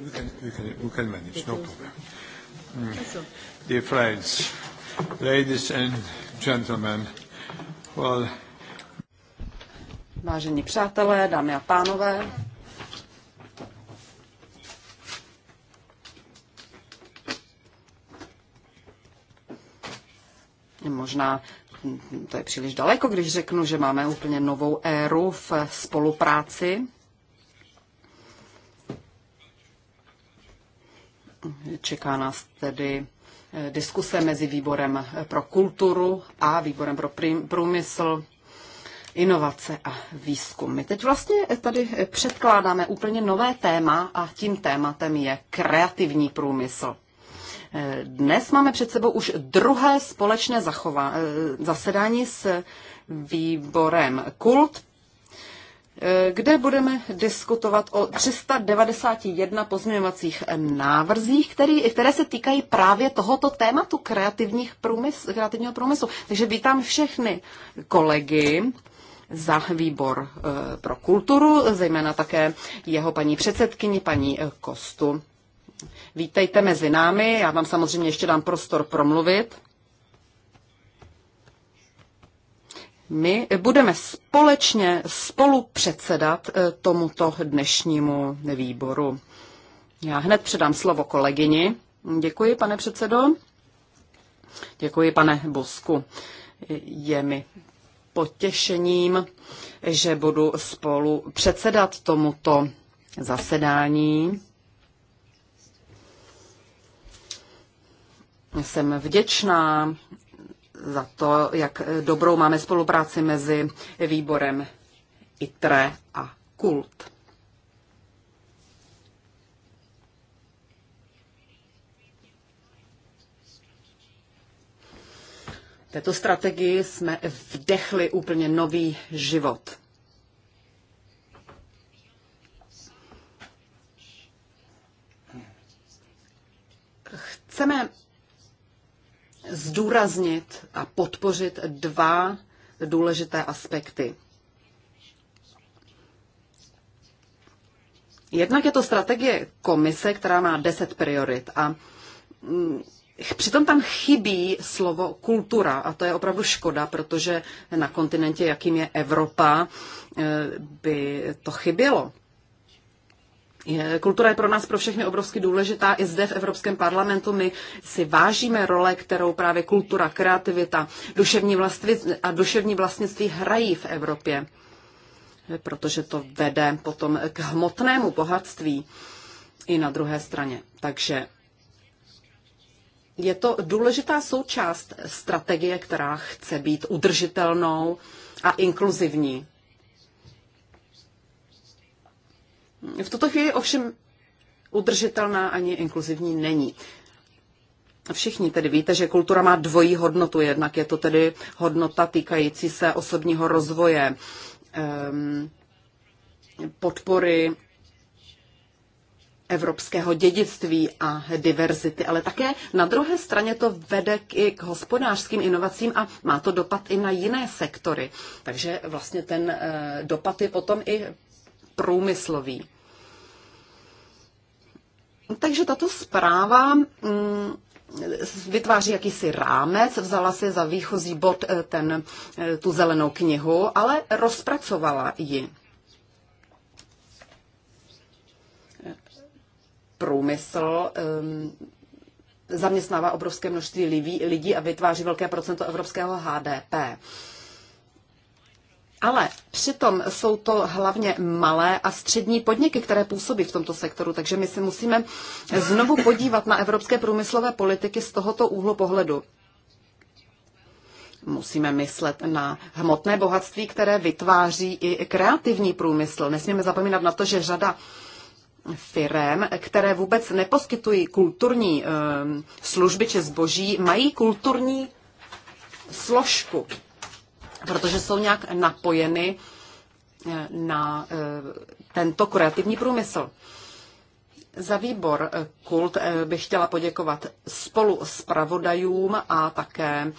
we can, we can, we can manage, no problem. Mm. Dear friends, ladies and gentlemen, well... Vážení přátelé, dámy a pánové, možná to je příliš daleko, když řeknu, že máme úplně novou éru v spolupráci Čeká nás tedy eh, diskuse mezi výborem eh, pro kulturu a výborem pro průmysl, inovace a výzkum. My teď vlastně eh, tady předkládáme úplně nové téma a tím tématem je kreativní průmysl. Dnes máme před sebou už druhé společné zachová, zasedání s výborem Kult Eh, kde budeme diskutovat o 391 pozměňovacích eh, návrzích, který, které se týkají právě tohoto tématu kreativních průmysl, kreativního průmyslu. Takže vítám všechny kolegy za výbor eh, pro kulturu, zejména také jeho paní předsedkyni, paní Kostu. Vítejte mezi námi, já vám samozřejmě ještě dám prostor promluvit. my budeme společně spolu předsedat eh, tomuto dnešnímu výboru. Já hned předám slovo kolegyni. Děkuji, pane předsedo. Děkuji, pane Bosku. Je mi potěšením, že budu spolu předsedat tomuto zasedání. Jsem vděčná za to, jak dobrou máme spolupráci mezi výborem ITRE a KULT. Této strategii jsme vdechli úplně nový život. Chceme zdůraznit a podpořit dva důležité aspekty. Jednak je to strategie komise, která má 10 priorit a mm, Přitom tam chybí slovo kultura a to je opravdu škoda, protože na kontinentě, jakým je Evropa, eh, by to chybělo. Kultura je pro nás pro všechny obrovsky důležitá. I zde v Evropském parlamentu my si vážíme role, kterou právě kultura, kreativita, duševní a duševní vlastnictví hrají v Evropě, protože to vede potom k hmotnému bohatství i na druhé straně. Takže je to důležitá součást strategie, která chce být udržitelnou a inkluzivní. V tuto chvíli ovšem udržitelná ani inkluzivní není. Všichni tedy víte, že kultura má dvojí hodnotu. Jednak je to tedy hodnota týkající se osobního rozvoje, ehm, podpory evropského dědictví a diverzity, ale také na druhé straně to vede k, i k hospodářským inovacím a má to dopad i na jiné sektory. Takže vlastně ten eh, dopad je potom i průmyslový. Takže tato zpráva mm, vytváří jakýsi rámec, vzala si za výchozí bod eh, ten, eh, tu zelenou knihu, ale rozpracovala ji. Průmysl ehm, zaměstnává obrovské množství lidí a vytváří velké procento evropského HDP. Ale přitom jsou to hlavně malé a střední podniky, které působí v tomto sektoru, takže my si musíme znovu podívat na evropské průmyslové politiky z tohoto úhlu pohledu. Musíme myslet na hmotné bohatství, které vytváří i kreativní průmysl. Nesmíme zapomínat na to, že řada firem, které vůbec neposkytují kulturní ehm, služby či zboží, mají kulturní složku protože jsou nějak napojeny eh, na eh, tento kreativní průmysl. Za výbor eh, Kult bych chtěla poděkovat spolu s pravodajům a také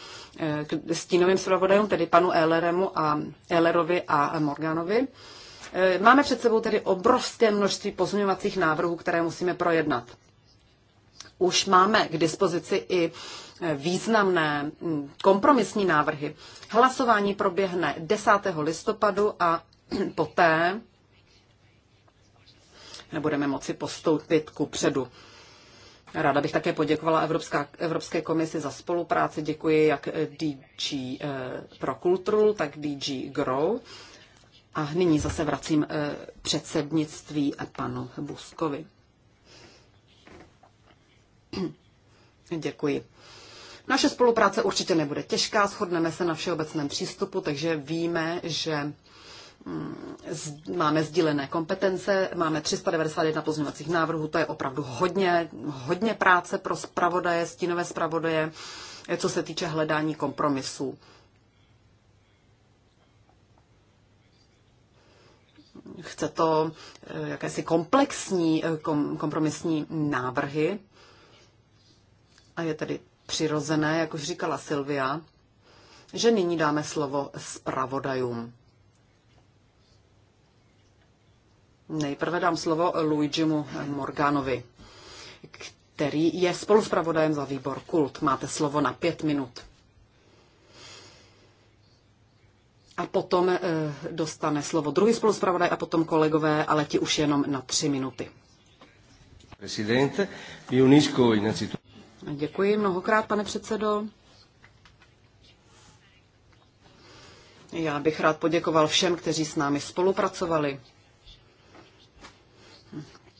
stínovým zpravodajům, tedy panu Eleremu a Ehlerovi a Morganovi. Máme před sebou tedy obrovské množství pozměňovacích návrhů, které musíme projednat. Už máme k dispozici i významné mm, kompromisní návrhy. Hlasování proběhne 10. listopadu a poté nebudeme moci postoupit ku předu. Ráda bych také poděkovala Evropská, Evropské komisi za spolupráci. Děkuji jak DG eh, pro kulturu, tak DG Grow. A nyní zase vracím eh, předsednictví panu Buskovi. Děkuji. Naše spolupráce určitě nebude těžká, shodneme se na všeobecném přístupu, takže víme, že mm, máme sdílené kompetence, máme 391 pozměňovacích návrhů, to je opravdu hodně, hodně práce pro spravodaje, stínové spravodaje, eh, co se týče hledání kompromisů. Chce to eh, jakési komplexní, eh, kom, kompromisní návrhy a je tedy přirozené, jak už říkala Silvia, že nyní dáme slovo zpravodajům. Nejprve dám slovo Luigimu Morganovi, který je spoluzpravodajem za výbor Kult. Máte slovo na pět minut. A potom eh, dostane slovo druhý spoluzpravodaj a potom kolegové, ale ti už jenom na tři minuty. Presidente, mi unisco innanzitutto. Děkuji mnohokrát, pane předsedo. Já bych rád poděkoval všem, kteří s námi spolupracovali.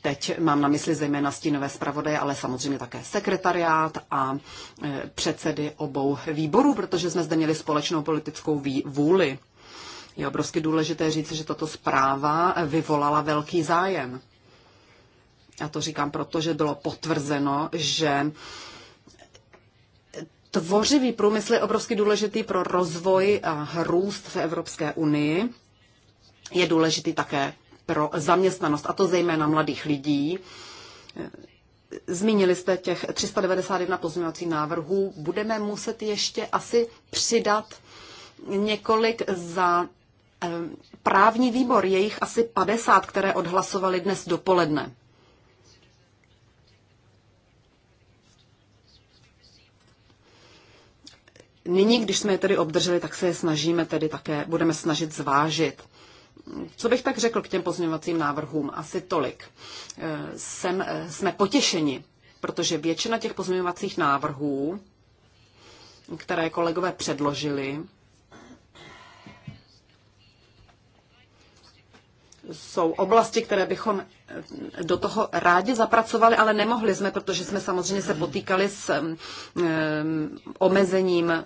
Teď mám na mysli zejména stínové zpravodaje, ale samozřejmě také sekretariát a e, předsedy obou výborů, protože jsme zde měli společnou politickou vůli. Je obrovsky důležité říct, že tato zpráva vyvolala velký zájem. A to říkám proto, že bylo potvrzeno, že tvořivý průmysl je obrovsky důležitý pro rozvoj a růst v Evropské unii. Je důležitý také pro zaměstnanost, a to zejména mladých lidí. Zmínili jste těch 391 pozměňovacích návrhů. Budeme muset ještě asi přidat několik za eh, právní výbor, jejich asi 50, které odhlasovali dnes dopoledne. Nyní, když jsme je tedy obdrželi, tak se je snažíme tedy také, budeme snažit zvážit. Co bych tak řekl k těm pozměňovacím návrhům? Asi tolik. Eh, jsem, eh, jsme potěšeni, protože většina těch pozměňovacích návrhů, které kolegové předložili, jsou oblasti, které bychom do toho rádi zapracovali, ale nemohli jsme, protože jsme samozřejmě se potýkali s omezením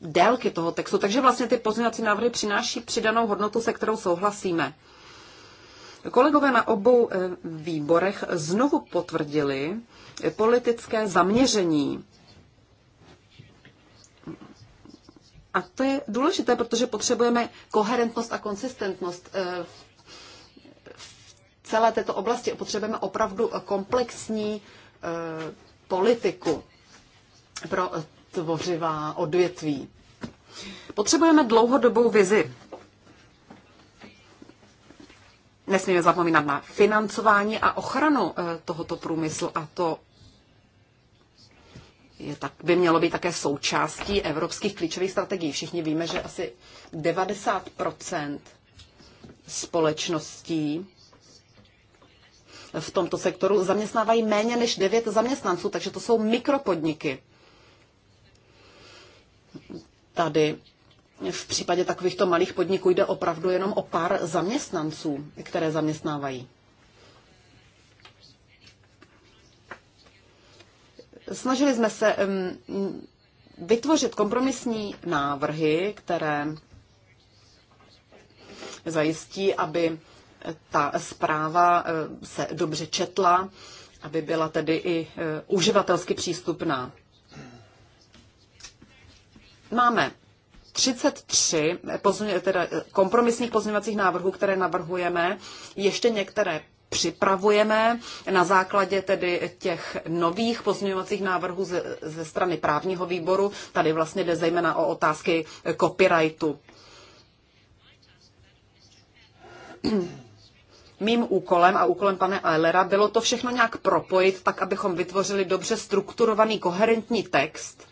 délky toho textu. Takže vlastně ty pozměňovací návrhy přináší přidanou hodnotu, se kterou souhlasíme. Kolegové na obou e, výborech znovu potvrdili politické zaměření. A to je důležité, protože potřebujeme koherentnost a konsistentnost e, v celé této oblasti potřebujeme opravdu komplexní eh, politiku pro tvořivá odvětví. Potřebujeme dlouhodobou vizi. Nesmíme zapomínat na financování a ochranu eh, tohoto průmyslu a to je tak, by mělo být také součástí evropských klíčových strategií. Všichni víme, že asi 90 společností v tomto sektoru zaměstnávají méně než 9 zaměstnanců, takže to jsou mikropodniky. Tady v případě takovýchto malých podniků jde opravdu jenom o pár zaměstnanců, které zaměstnávají. Snažili jsme se vytvořit kompromisní návrhy, které zajistí, aby ta zpráva eh, se dobře četla, aby byla tedy i eh, uživatelsky přístupná. Máme 33 teda eh, kompromisních pozměňovacích návrhů, které navrhujeme, ještě některé připravujeme na základě tedy těch nových pozměňovacích návrhů ze, ze strany právního výboru. Tady vlastně jde zejména o otázky copyrightu mým úkolem a úkolem pane Eilera bylo to všechno nějak propojit, tak abychom vytvořili dobře strukturovaný, koherentní text,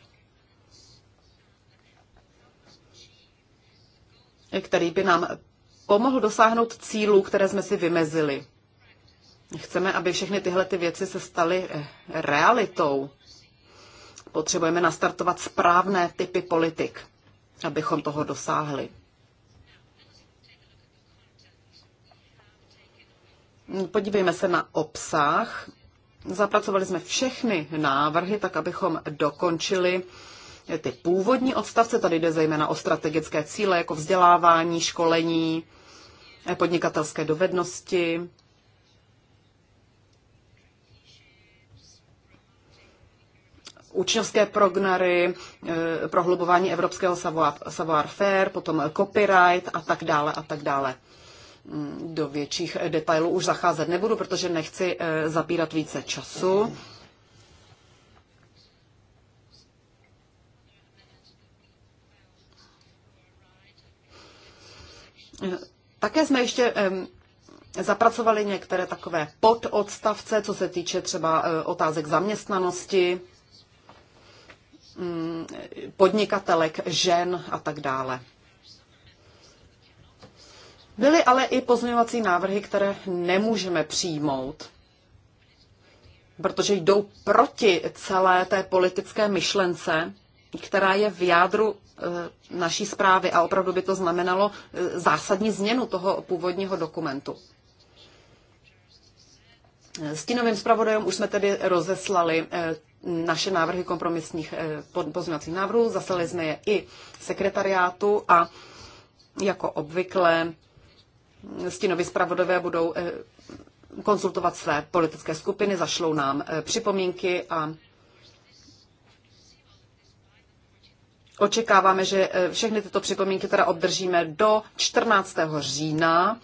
který by nám pomohl dosáhnout cílů, které jsme si vymezili. Chceme, aby všechny tyhle ty věci se staly eh, realitou. Potřebujeme nastartovat správné typy politik, abychom toho dosáhli. Podívejme se na obsah. Zapracovali jsme všechny návrhy, tak abychom dokončili ty původní odstavce. Tady jde zejména o strategické cíle, jako vzdělávání, školení, podnikatelské dovednosti, učňovské prognary, eh, prohlubování evropského savoir-faire, potom copyright a tak dále a tak dále do větších eh, detailů už zacházet nebudu, protože nechci eh, zapírat více času. Eh, také jsme ještě zapracovali některé takové pododstavce, co se týče třeba otázek zaměstnanosti, mm, podnikatelek, žen a tak dále. Byly ale i pozměňovací návrhy, které nemůžeme přijmout, protože jdou proti celé té politické myšlence, která je v jádru e, naší zprávy a opravdu by to znamenalo e, zásadní změnu toho původního dokumentu. S tím zpravodajem už jsme tedy rozeslali e, naše návrhy kompromisních pozměňovacích návrhů, zaslali jsme je i sekretariátu a jako obvykle stinovi zpravodové budou eh, konzultovat své politické skupiny, zašlou nám eh, připomínky a očekáváme, že eh, všechny tyto připomínky teda obdržíme do 14. října,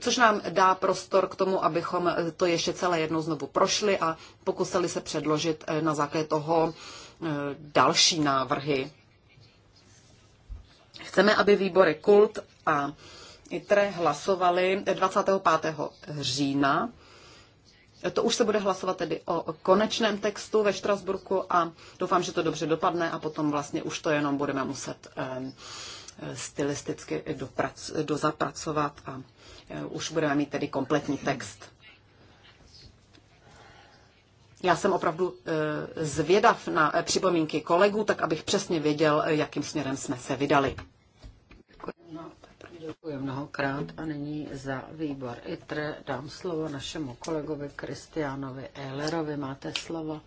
což nám dá prostor k tomu, abychom to ještě celé jednou znovu prošli a pokusili se předložit na základě toho další návrhy. Chceme, aby výbory kult a ITRE hlasovali 25. října. To už se bude hlasovat tedy o konečném textu ve Štrasburku a doufám, že to dobře dopadne a potom vlastně už to jenom budeme muset stylisticky doprac, dozapracovat a eh, už budeme mít tedy kompletní text. Já jsem opravdu eh, zvědav na eh, připomínky kolegů, tak abych přesně věděl, jakým směrem jsme se vydali. Děkuji mnohokrát a nyní za výbor ITRE dám slovo našemu kolegovi Kristiánovi Ehlerovi. Máte slovo.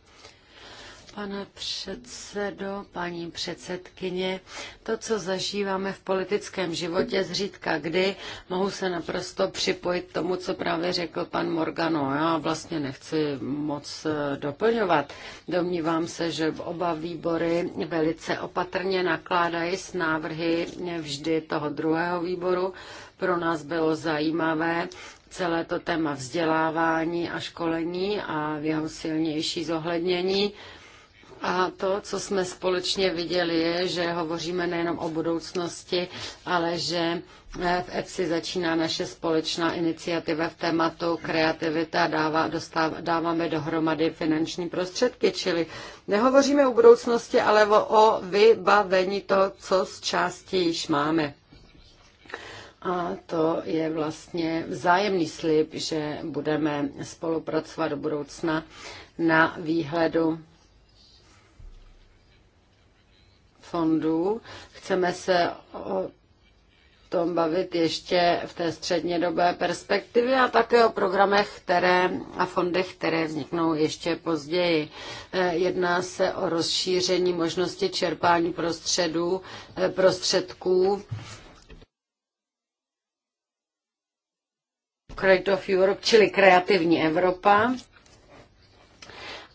Pane předsedo, paní předsedkyně, to, co zažíváme v politickém životě zřídka kdy, mohu se naprosto připojit tomu, co právě řekl pan Morgano. Já vlastně nechci moc eh, doplňovat. Domnívám se, že oba výbory velice opatrně nakládají s návrhy eh, vždy toho druhého výboru. Pro nás bylo zajímavé, celé to téma vzdělávání a školení a jeho silnější zohlednění. A to, co jsme společně viděli, je, že hovoříme nejenom o budoucnosti, ale že eh, v EPSI začíná naše společná iniciativa v tématu kreativita, dává, dáváme dohromady finanční prostředky, čili nehovoříme o budoucnosti, ale o, o vybavení toho, co z části již máme. A to je vlastně vzájemný slib, že budeme spolupracovat do budoucna na výhledu fondů. Chceme se o tom bavit ještě v té střednědobé perspektivě a také o programech které, a fondech, které vzniknou ještě později. Eh, jedná se o rozšíření možnosti čerpání prostředů, eh, prostředků Creative Europe, čili kreativní Evropa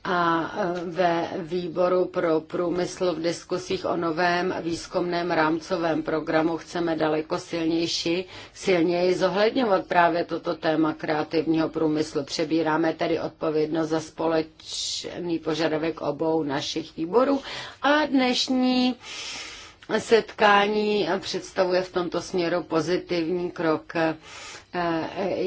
a e, ve výboru pro průmysl v diskusích o novém výzkumném rámcovém programu chceme daleko silnější, silněji zohledňovat právě toto téma kreativního průmyslu. Přebíráme tedy odpovědnost za společný požadavek obou našich výborů a dnešní setkání představuje v tomto směru pozitivní krok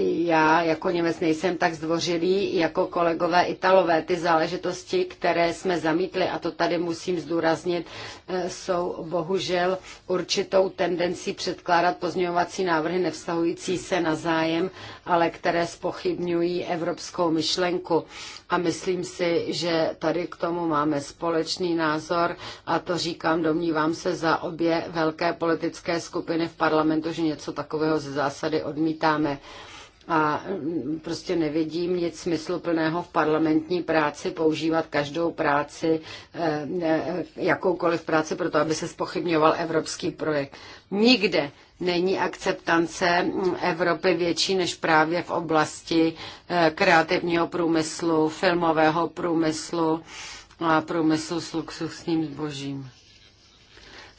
já jako Němec nejsem tak zdvořilý jako kolegové Italové. Ty záležitosti, které jsme zamítli, a to tady musím zdůraznit, eh, jsou bohužel určitou tendencí předkládat pozměňovací návrhy nevztahující se na zájem, ale které spochybňují evropskou myšlenku. A myslím si, že tady k tomu máme společný názor a to říkám, domnívám se za obě velké politické skupiny v parlamentu, že něco takového ze zásady odmítá neříkáme. A mm, prostě nevidím nic smysluplného v parlamentní práci používat každou práci, eh, eh, jakoukoliv práci, proto aby se spochybňoval evropský projekt. Nikde není akceptance mm, Evropy větší než právě v oblasti eh, kreativního průmyslu, filmového průmyslu a průmyslu s luxusním zbožím.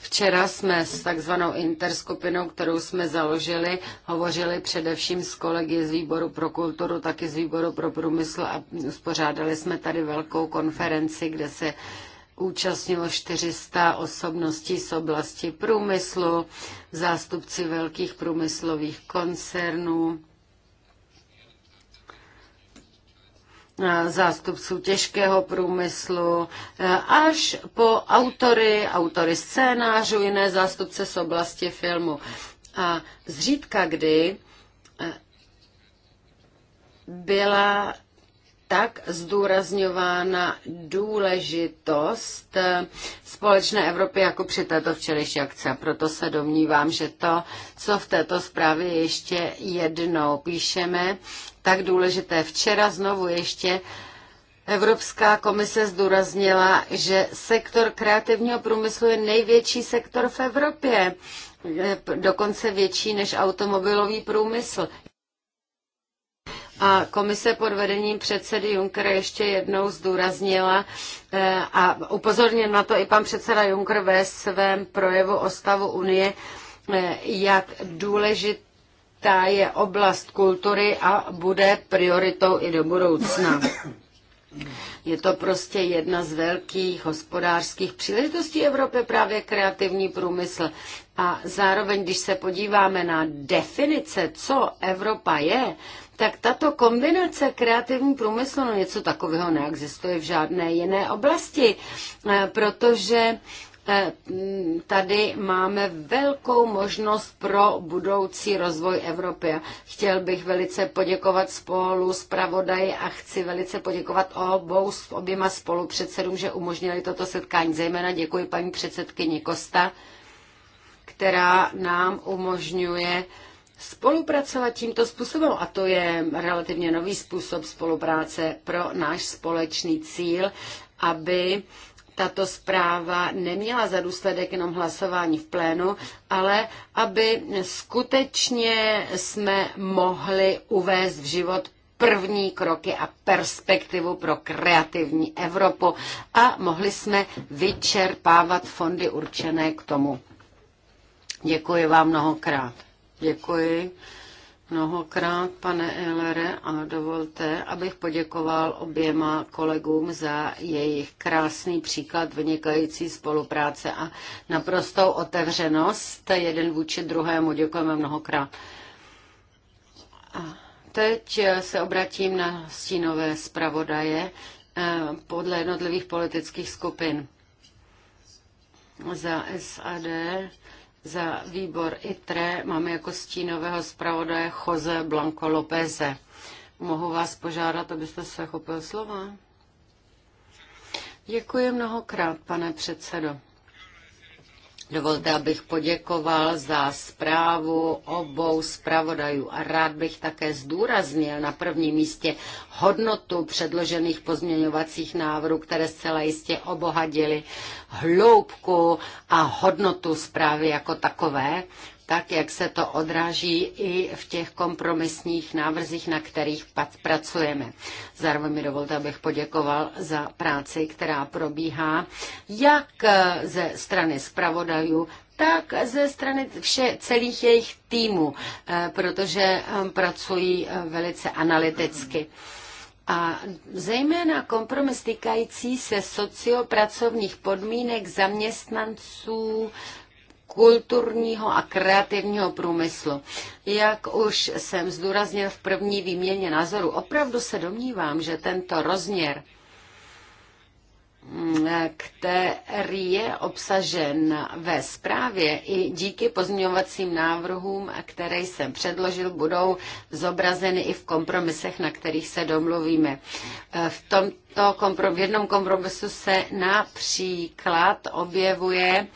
Včera jsme s takzvanou interskupinou, kterou jsme založili, hovořili především s kolegy z výboru pro kulturu, taky z výboru pro průmysl a uspořádali jsme tady velkou konferenci, kde se účastnilo 400 osobností z oblasti průmyslu, zástupci velkých průmyslových koncernů, Eh, zástupců těžkého průmyslu, eh, až po autory, autory scénářů, jiné zástupce z oblasti filmu. A zřídka kdy eh, byla tak zdůrazňována důležitost společné Evropy jako při této včerejší akce. Proto se domnívám, že to, co v této zprávě ještě jednou píšeme, tak důležité. Včera znovu ještě Evropská komise zdůraznila, že sektor kreativního průmyslu je největší sektor v Evropě, dokonce větší než automobilový průmysl. A komise pod vedením předsedy Junckera ještě jednou zdůraznila eh, a upozornil na to i pan předseda Juncker ve svém projevu o stavu Unie, eh, jak důležitá je oblast kultury a bude prioritou i do budoucna. Je to prostě jedna z velkých hospodářských příležitostí Evropy, právě kreativní průmysl. A zároveň, když se podíváme na definice, co Evropa je, tak tato kombinace kreativní průmyslu, no něco takového neexistuje v žádné jiné oblasti, eh, protože eh, tady máme velkou možnost pro budoucí rozvoj Evropy. Chtěl bych velice poděkovat spolu zpravodaji a chci velice poděkovat obou oběma spolupředsedům, že umožnili toto setkání. Zejména děkuji paní předsedkyni Kosta, která nám umožňuje uh, spolupracovat tímto způsobem a to je relativně nový způsob spolupráce pro náš společný cíl, aby tato zpráva neměla za důsledek jenom hlasování v plénu, ale aby skutečně jsme mohli uvést v život první kroky a perspektivu pro kreativní Evropu a mohli jsme vyčerpávat fondy určené k tomu. Děkuji vám mnohokrát. Děkuji mnohokrát, pane Ehlere, a dovolte, abych poděkoval oběma kolegům za jejich krásný příklad vynikající spolupráce a naprostou otevřenost jeden vůči druhému. Děkujeme mnohokrát. A teď se obratím na stínové zpravodaje eh, podle jednotlivých politických skupin. Za SAD za výbor ITRE máme jako stínového zpravodaje Jose Blanco López. Mohu vás požádat, abyste se chopil slova? Děkuji mnohokrát, pane předsedo. Dovolte, abych poděkoval za zprávu obou zpravodajů a rád bych také zdůraznil na prvním místě hodnotu předložených pozměňovacích návrhů, které zcela jistě obohadily hloubku a hodnotu zprávy jako takové tak jak se to odráží i v těch kompromisních návrzích, na kterých pracujeme. Zároveň mi dovolte, abych poděkoval za práci, která probíhá jak ze strany zpravodajů, tak ze strany vše, celých jejich týmů, eh, protože eh, pracují eh, velice analyticky. A zejména kompromis týkající se sociopracovních podmínek zaměstnanců kulturního a kreativního průmyslu. Jak už jsem zdůraznil v první výměně názoru, opravdu se domnívám, že tento rozměr mm, který je obsažen ve zprávě i díky pozměňovacím návrhům, které jsem předložil, budou zobrazeny i v kompromisech, na kterých se domluvíme. V, tomto v jednom kompromisu se například objevuje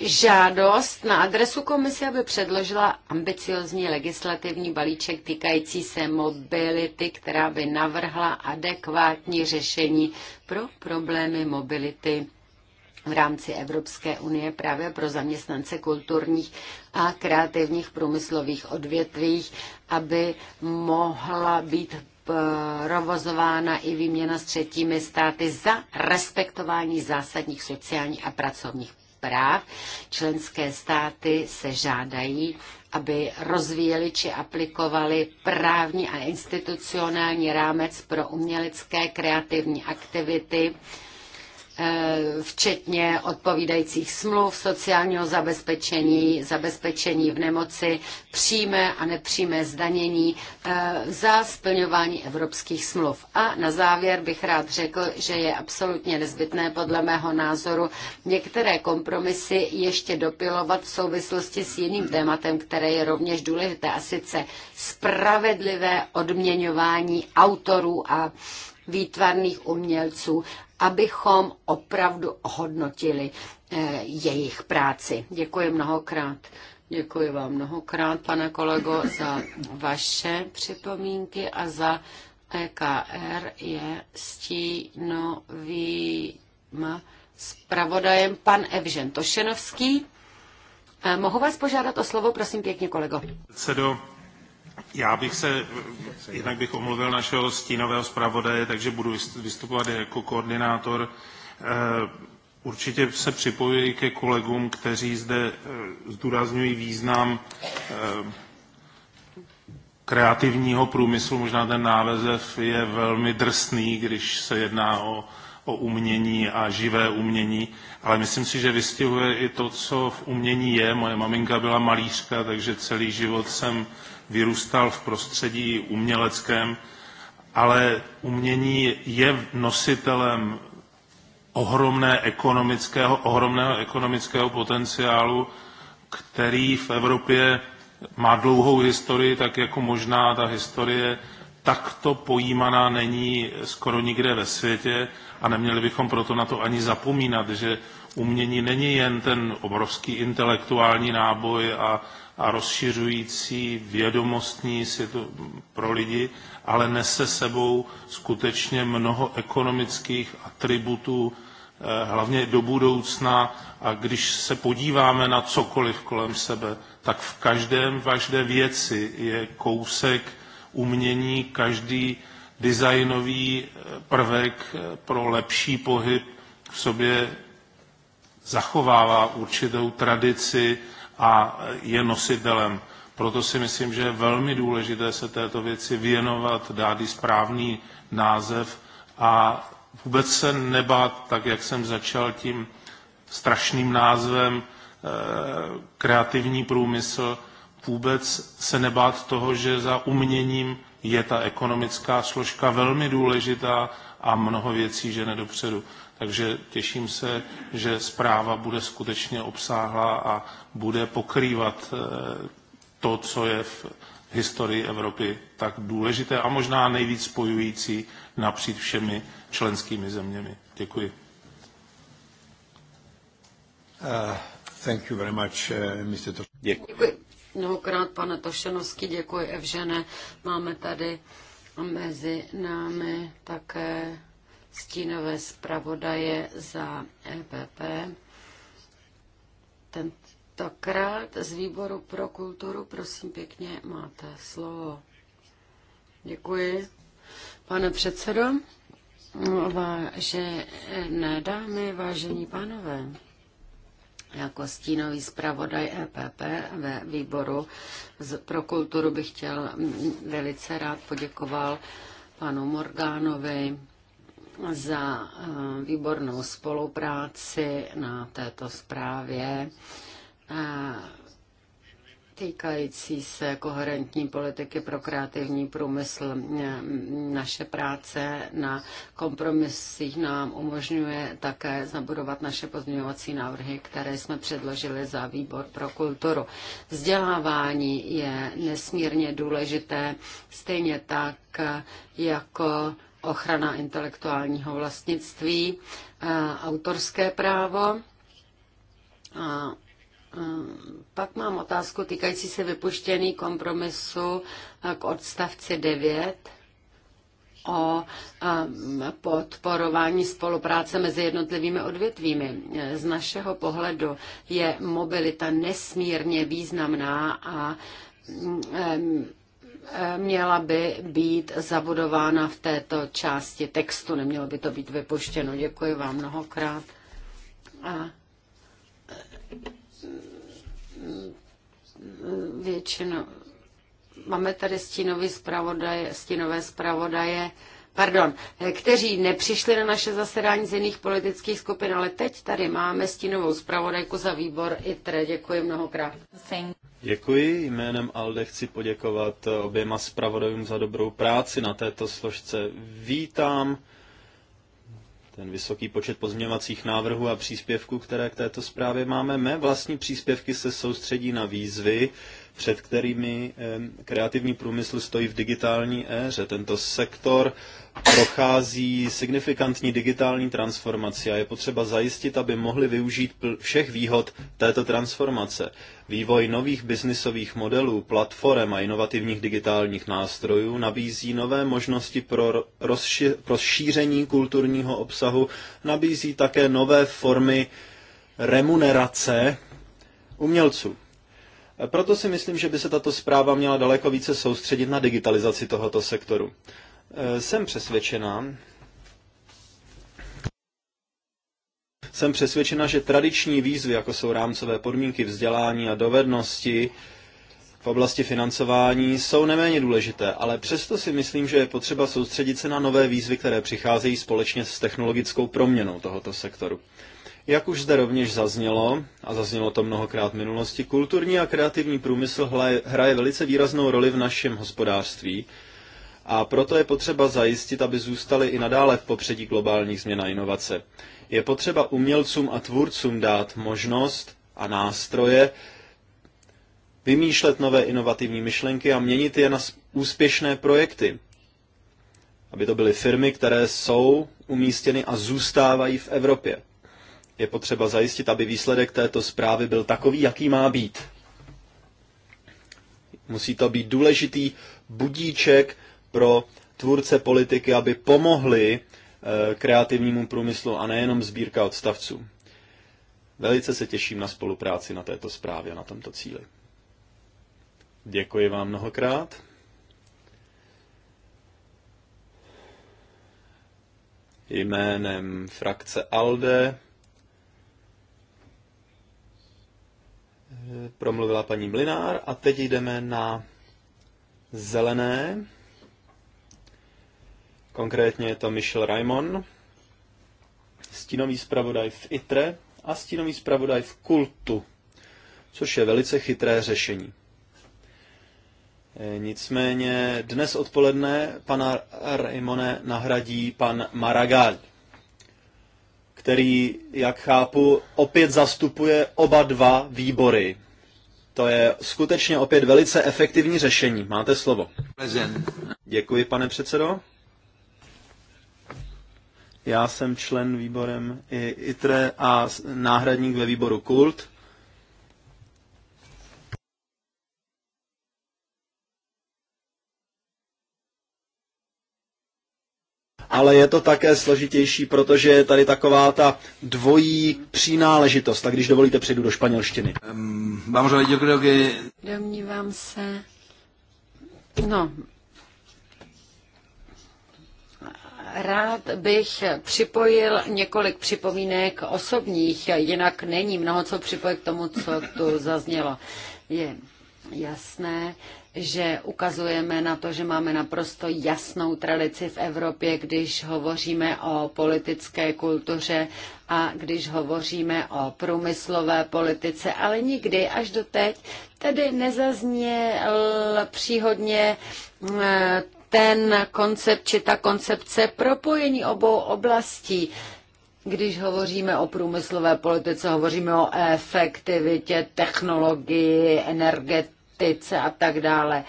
žádost na adresu komise, aby předložila ambiciozní legislativní balíček týkající se mobility, která by navrhla adekvátní řešení pro problémy mobility v rámci Evropské unie právě pro zaměstnance kulturních a kreativních průmyslových odvětvích, aby mohla být provozována i výměna s třetími státy za respektování zásadních sociálních a pracovních práv. Členské státy se žádají, aby rozvíjeli či aplikovali právní a institucionální rámec pro umělecké kreativní aktivity, Eh, včetně odpovídajících smluv, sociálního zabezpečení, zabezpečení v nemoci, přímé a nepřímé zdanění eh, za splňování evropských smluv. A na závěr bych rád řekl, že je absolutně nezbytné podle mého názoru některé kompromisy ještě dopilovat v souvislosti s jiným tématem, které je rovněž důležité, a sice spravedlivé odměňování autorů a výtvarných umělců, abychom opravdu hodnotili eh, jejich práci. Děkuji mnohokrát. Děkuji vám mnohokrát, pane kolego, za vaše připomínky a za EKR je stínovým zpravodajem pan Evžen Tošenovský. Eh, mohu vás požádat o slovo, prosím pěkně, kolego. Cedo, já bych se, jinak bych omluvil našeho stínového zpravodaje, takže budu vystupovat jako koordinátor. Eh, určitě se připojuji ke kolegům, kteří zde eh, zdůrazňují význam eh, kreativního průmyslu. Možná ten návezev je velmi drsný, když se jedná o, o umění a živé umění, ale myslím si, že vystihuje i to, co v umění je. Moje maminka byla malířka, takže celý život jsem vyrůstal v prostředí uměleckém, ale umění je nositelem ohromné ekonomického, ohromného ekonomického potenciálu, který v Evropě má dlouhou historii, tak jako možná ta historie takto pojímaná není skoro nikde ve světě a neměli bychom proto na to ani zapomínat, že umění není jen ten obrovský intelektuální náboj a a rozšiřující vědomostní pro lidi, ale nese sebou skutečně mnoho ekonomických atributů, eh, hlavně do budoucna. A když se podíváme na cokoliv kolem sebe, tak v každém každé věci je kousek umění, každý designový eh, prvek eh, pro lepší pohyb v sobě zachovává určitou tradici, a je nositelem. Proto si myslím, že je velmi důležité se této věci věnovat, dát jí správný název a vůbec se nebát, tak jak jsem začal tím strašným názvem eh, kreativní průmysl, vůbec se nebát toho, že za uměním je ta ekonomická složka velmi důležitá a mnoho věcí žene dopředu. Takže těším se, že zpráva bude skutečně obsáhlá a bude pokrývat eh, to, co je v historii Evropy tak důležité a možná nejvíc spojující napříč všemi členskými zeměmi. Děkuji. Uh, thank you very much, uh, eh, Mr. děkuji. Mnohokrát, pane Tošenovský, děkuji, Evžene. Máme tady mezi námi také stínové zpravodaje za EPP. Tentokrát z výboru pro kulturu, prosím pěkně, máte slovo. Děkuji, pane předsedo. Vážené dámy, vážení pánové, jako stínový zpravodaj EPP ve výboru pro kulturu bych chtěl mm, velice rád poděkoval panu Morgánovi, za eh, výbornou spolupráci na této zprávě eh, týkající se koherentní politiky pro kreativní průmysl. Eh, naše práce na kompromisích nám umožňuje také zabudovat naše pozměňovací návrhy, které jsme předložili za výbor pro kulturu. Vzdělávání je nesmírně důležité, stejně tak jako ochrana intelektuálního vlastnictví, eh, autorské právo. A eh, pak mám otázku týkající se vypuštěný kompromisu eh, k odstavci 9 o podporování spolupráce mezi jednotlivými odvětvími. Z našeho pohledu je mobilita nesmírně významná a mm, Eh, měla by být zabudována v této části textu, nemělo by to být vypuštěno. Děkuji vám mnohokrát. A eh, většinu máme tady stínové zpravodaje, stínové zpravodaje, pardon, eh, kteří nepřišli na naše zasedání z jiných politických skupin, ale teď tady máme stínovou zpravodajku za výbor ITRE. Děkuji mnohokrát. Děkuji. Jménem Alde chci poděkovat eh, oběma zpravodajům za dobrou práci na této složce. Vítám ten vysoký počet pozměňovacích návrhů a příspěvků, které k této zprávě máme. Mé vlastní příspěvky se soustředí na výzvy, před kterými kreativní průmysl stojí v digitální éře. Tento sektor prochází signifikantní digitální transformaci a je potřeba zajistit, aby mohli využít všech výhod této transformace. Vývoj nových biznisových modelů, platform a inovativních digitálních nástrojů nabízí nové možnosti pro rozšíření kulturního obsahu, nabízí také nové formy remunerace umělců. Proto si myslím, že by se tato zpráva měla daleko více soustředit na digitalizaci tohoto sektoru. E, jsem přesvědčená, jsem přesvědčena, že tradiční výzvy, jako jsou rámcové podmínky vzdělání a dovednosti v oblasti financování, jsou neméně důležité, ale přesto si myslím, že je potřeba soustředit se na nové výzvy, které přicházejí společně s technologickou proměnou tohoto sektoru. Jak už zde rovněž zaznělo, a zaznělo to mnohokrát v minulosti, kulturní a kreativní průmysl hraje velice výraznou roli v našem hospodářství a proto je potřeba zajistit, aby zůstaly i nadále v popředí globálních změn a inovace. Je potřeba umělcům a tvůrcům dát možnost a nástroje vymýšlet nové inovativní myšlenky a měnit je na úspěšné projekty, aby to byly firmy, které jsou umístěny a zůstávají v Evropě. Je potřeba zajistit, aby výsledek této zprávy byl takový, jaký má být. Musí to být důležitý budíček pro tvůrce politiky, aby pomohli eh, kreativnímu průmyslu a nejenom sbírka odstavců. Velice se těším na spolupráci na této zprávě, na tomto cíli. Děkuji vám mnohokrát. Jménem frakce ALDE promluvila paní Mlinár a teď jdeme na zelené. Konkrétně je to Michel Raimon, stínový zpravodaj v ITRE a stínový zpravodaj v KULTu, což je velice chytré řešení. Eh, nicméně dnes odpoledne pana Raimone nahradí pan Maragall který, jak chápu, opět zastupuje oba dva výbory. To je skutečně opět velice efektivní řešení. Máte slovo. Děkuji, pane předsedo. Já jsem člen výborem ITRE a náhradník ve výboru KULT. ale je to také složitější, protože je tady taková ta dvojí přináležitost. Tak když dovolíte, přejdu do španělštiny. Um, vamos a kdo? yo Domnívám se... No, Rád bych připojil několik připomínek osobních, jinak není mnoho co připojit k tomu, co tu zaznělo. Je jasné, že ukazujeme na to, že máme naprosto jasnou tradici v Evropě, když hovoříme o politické kultuře a když hovoříme o průmyslové politice, ale nikdy až do teď tedy nezazněl příhodně eh, ten koncept či ta koncepce propojení obou oblastí. Když hovoříme o průmyslové politice, hovoříme o efektivitě, technologii, energetice, optice a tak dále.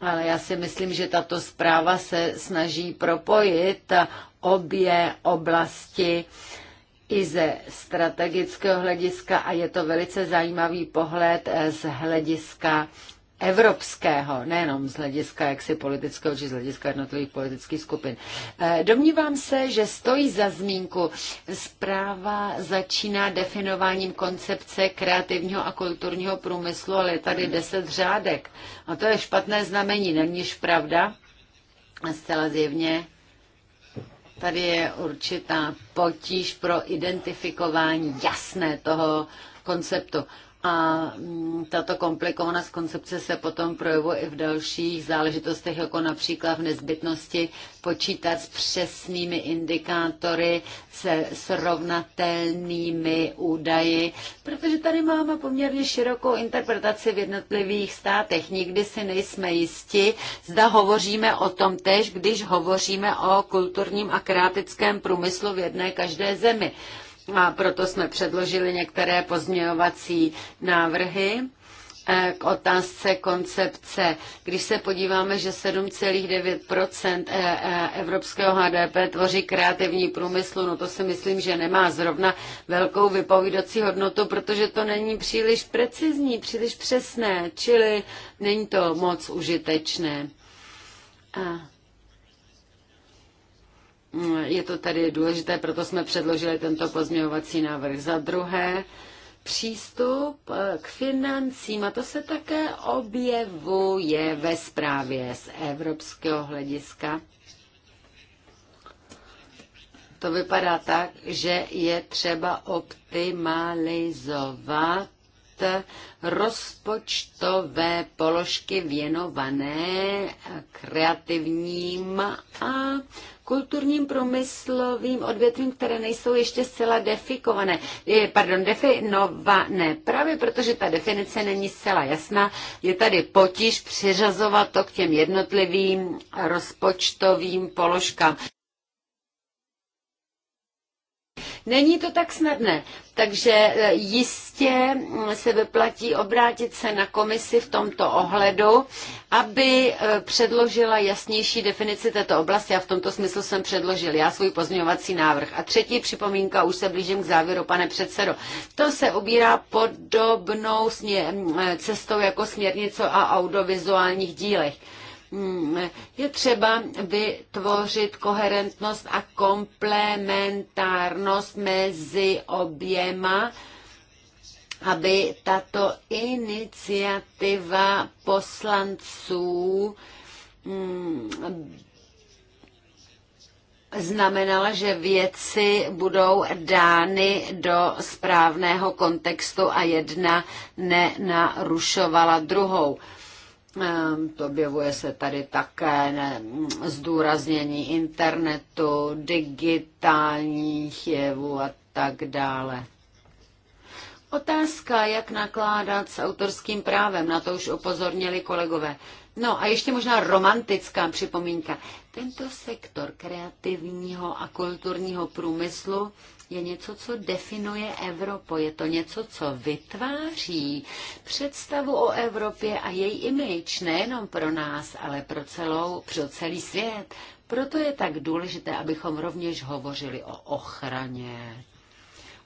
Ale já si myslím, že tato zpráva se snaží propojit obě oblasti i ze strategického hlediska a je to velice zajímavý pohled eh, z hlediska evropského, nejenom z hlediska jaksi politického, či z hlediska jednotlivých politických skupin. Eh, domnívám se, že stojí za zmínku. Zpráva začíná definováním koncepce kreativního a kulturního průmyslu, ale je tady deset řádek. A to je špatné znamení, neníž pravda? A zcela zjevně tady je určitá potíž pro identifikování jasné toho konceptu. A mm, tato komplikovanost koncepce se potom projevuje i v dalších záležitostech, jako například v nezbytnosti počítat s přesnými indikátory, se srovnatelnými údaji, protože tady máme poměrně širokou interpretaci v jednotlivých státech. Nikdy si nejsme jisti, zda hovoříme o tom tež, když hovoříme o kulturním a kreatickém průmyslu v jedné každé zemi a proto jsme předložili některé pozměňovací návrhy eh, k otázce koncepce. Když se podíváme, že 7,9 eh, eh, evropského HDP tvoří kreativní průmysl, no to si myslím, že nemá zrovna velkou vypovídací hodnotu, protože to není příliš precizní, příliš přesné, čili není to moc užitečné. A je to tedy důležité, proto jsme předložili tento pozměňovací návrh. Za druhé, přístup eh, k financím, a to se také objevuje ve zprávě z evropského hlediska. To vypadá tak, že je třeba optimalizovat rozpočtové položky věnované kreativním a kulturním průmyslovým odvětvím, které nejsou ještě zcela defikované, pardon, definované. Právě protože ta definice není zcela jasná, je tady potíž přiřazovat to k těm jednotlivým rozpočtovým položkám. Není to tak snadné, takže e, jistě mm, se vyplatí obrátit se na komisi v tomto ohledu, aby e, předložila jasnější definici této oblasti a v tomto smyslu jsem předložil já svůj pozměňovací návrh. A třetí připomínka, už se blížím k závěru, pane předsedo. To se ubírá podobnou mm, e, cestou jako směrnice o audiovizuálních dílech. Mm, je třeba vytvořit koherentnost a komplementárnost mezi oběma, aby tato iniciativa poslanců mm, znamenala, že věci budou dány do správného kontextu a jedna nenarušovala druhou. To ehm, objevuje se tady také ne, zdůraznění internetu, digitálních jevů a tak dále. Otázka, jak nakládat s autorským právem, na to už upozornili kolegové. No a ještě možná romantická připomínka. Tento sektor kreativního a kulturního průmyslu je něco, co definuje Evropu. Je to něco, co vytváří představu o Evropě a její imič nejenom pro nás, ale pro, celou, pro celý svět. Proto je tak důležité, abychom rovněž hovořili o ochraně,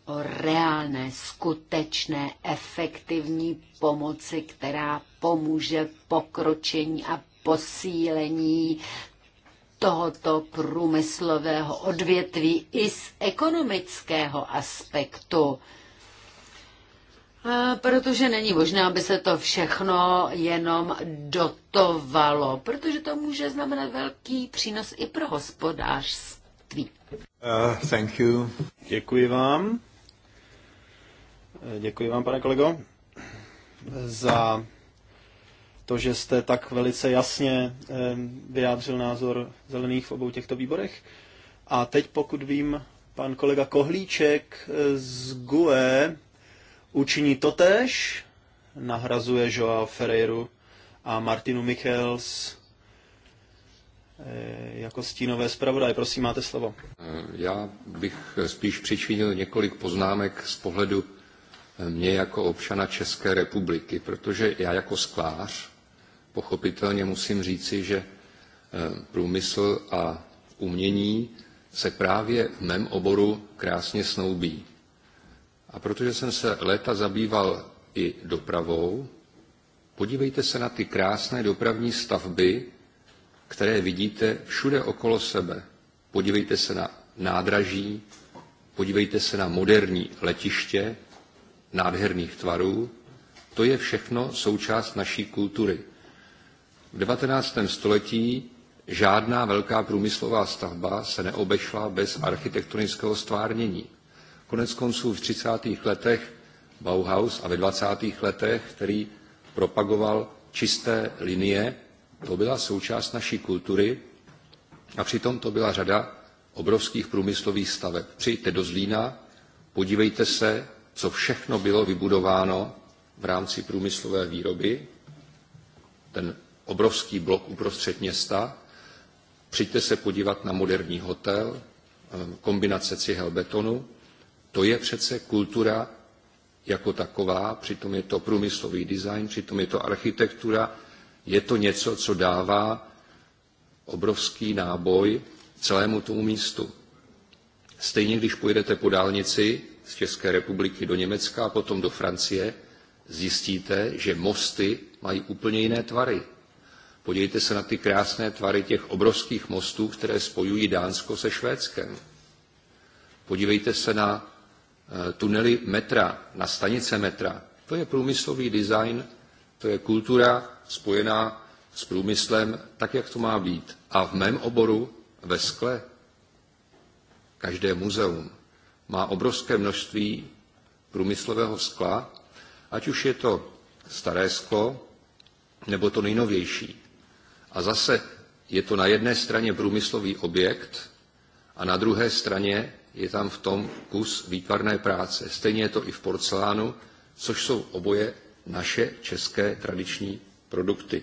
o reálné, skutečné, efektivní pomoci, která pomůže pokročení a posílení tohoto průmyslového odvětví i z ekonomického aspektu. E, protože není možné, aby se to všechno jenom dotovalo, protože to může znamenat velký přínos i pro hospodářství. Uh, thank you. Děkuji vám. E, děkuji vám, pane kolego, za to, že jste tak velice jasně vyjádřil názor zelených v obou těchto výborech. A teď, pokud vím, pan kolega Kohlíček eh, z GUE učiní totéž, nahrazuje Joao Ferreiru a Martinu Michels eh, jako stínové zpravodaj. Prosím, máte slovo. Eh, já bych spíš přičinil několik poznámek z pohledu mě jako občana České republiky, protože já jako sklář pochopitelně musím říci, že eh, průmysl a umění se právě v mém oboru krásně snoubí. A protože jsem se léta zabýval i dopravou, podívejte se na ty krásné dopravní stavby, které vidíte všude okolo sebe. Podívejte se na nádraží, podívejte se na moderní letiště nádherných tvarů. To je všechno součást naší kultury. V 19. století žádná velká průmyslová stavba se neobešla bez architektonického stvárnění. Konec konců v 30. letech Bauhaus a ve 20. letech, který propagoval čisté linie, to byla součást naší kultury a přitom to byla řada obrovských průmyslových staveb. Přijďte do Zlína, podívejte se, co všechno bylo vybudováno v rámci průmyslové výroby. Ten obrovský blok uprostřed města. Přijďte se podívat na moderní hotel, eh, kombinace cihel betonu. To je přece kultura jako taková, přitom je to průmyslový design, přitom je to architektura, je to něco, co dává obrovský náboj celému tomu místu. Stejně když pojedete po dálnici z České republiky do Německa a potom do Francie, zjistíte, že mosty mají úplně jiné tvary. Podívejte se na ty krásné tvary těch obrovských mostů, které spojují Dánsko se Švédskem. Podívejte se na eh, tunely metra, na stanice metra. To je průmyslový design, to je kultura spojená s průmyslem, tak jak to má být. A v mém oboru ve skle každé muzeum má obrovské množství průmyslového skla, ať už je to staré sklo, nebo to nejnovější. A zase je to na jedné straně průmyslový objekt a na druhé straně je tam v tom kus výtvarné práce. Stejně je to i v porcelánu, což jsou oboje naše české tradiční produkty.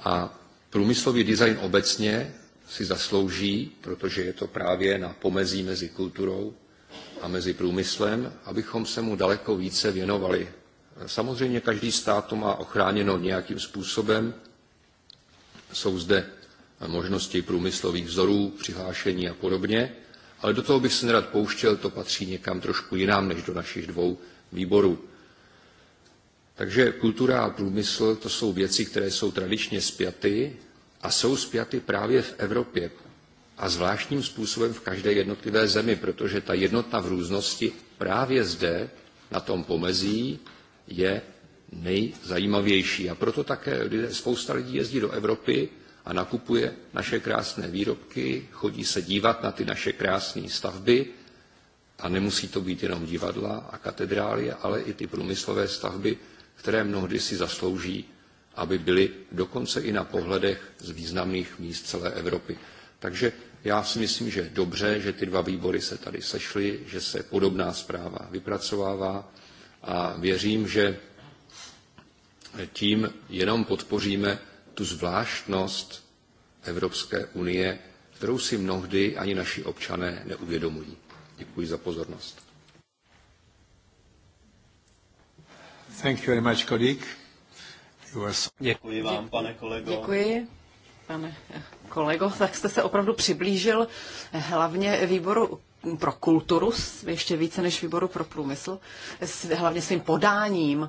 A průmyslový design obecně si zaslouží, protože je to právě na pomezí mezi kulturou a mezi průmyslem, abychom se mu daleko více věnovali. Samozřejmě každý stát to má ochráněno nějakým způsobem, jsou zde možnosti průmyslových vzorů, přihlášení a podobně, ale do toho bych se nerad pouštěl, to patří někam trošku jinam než do našich dvou výborů. Takže kultura a průmysl to jsou věci, které jsou tradičně spjaty a jsou spjaty právě v Evropě a zvláštním způsobem v každé jednotlivé zemi, protože ta jednota v různosti právě zde na tom pomezí je nejzajímavější. A proto také lidé, spousta lidí jezdí do Evropy a nakupuje naše krásné výrobky, chodí se dívat na ty naše krásné stavby a nemusí to být jenom divadla a katedrály, ale i ty průmyslové stavby, které mnohdy si zaslouží, aby byly dokonce i na pohledech z významných míst celé Evropy. Takže já si myslím, že dobře, že ty dva výbory se tady sešly, že se podobná zpráva vypracovává a věřím, že tím jenom podpoříme tu zvláštnost Evropské unie, kterou si mnohdy ani naši občané neuvědomují. Děkuji za pozornost. Thank you very much, Děkuji vám, pane kolego. Děkuji, pane eh, kolego. Tak jste se opravdu přiblížil eh, hlavně výboru pro kulturu, ještě více než výboru pro průmysl, hlavně svým podáním.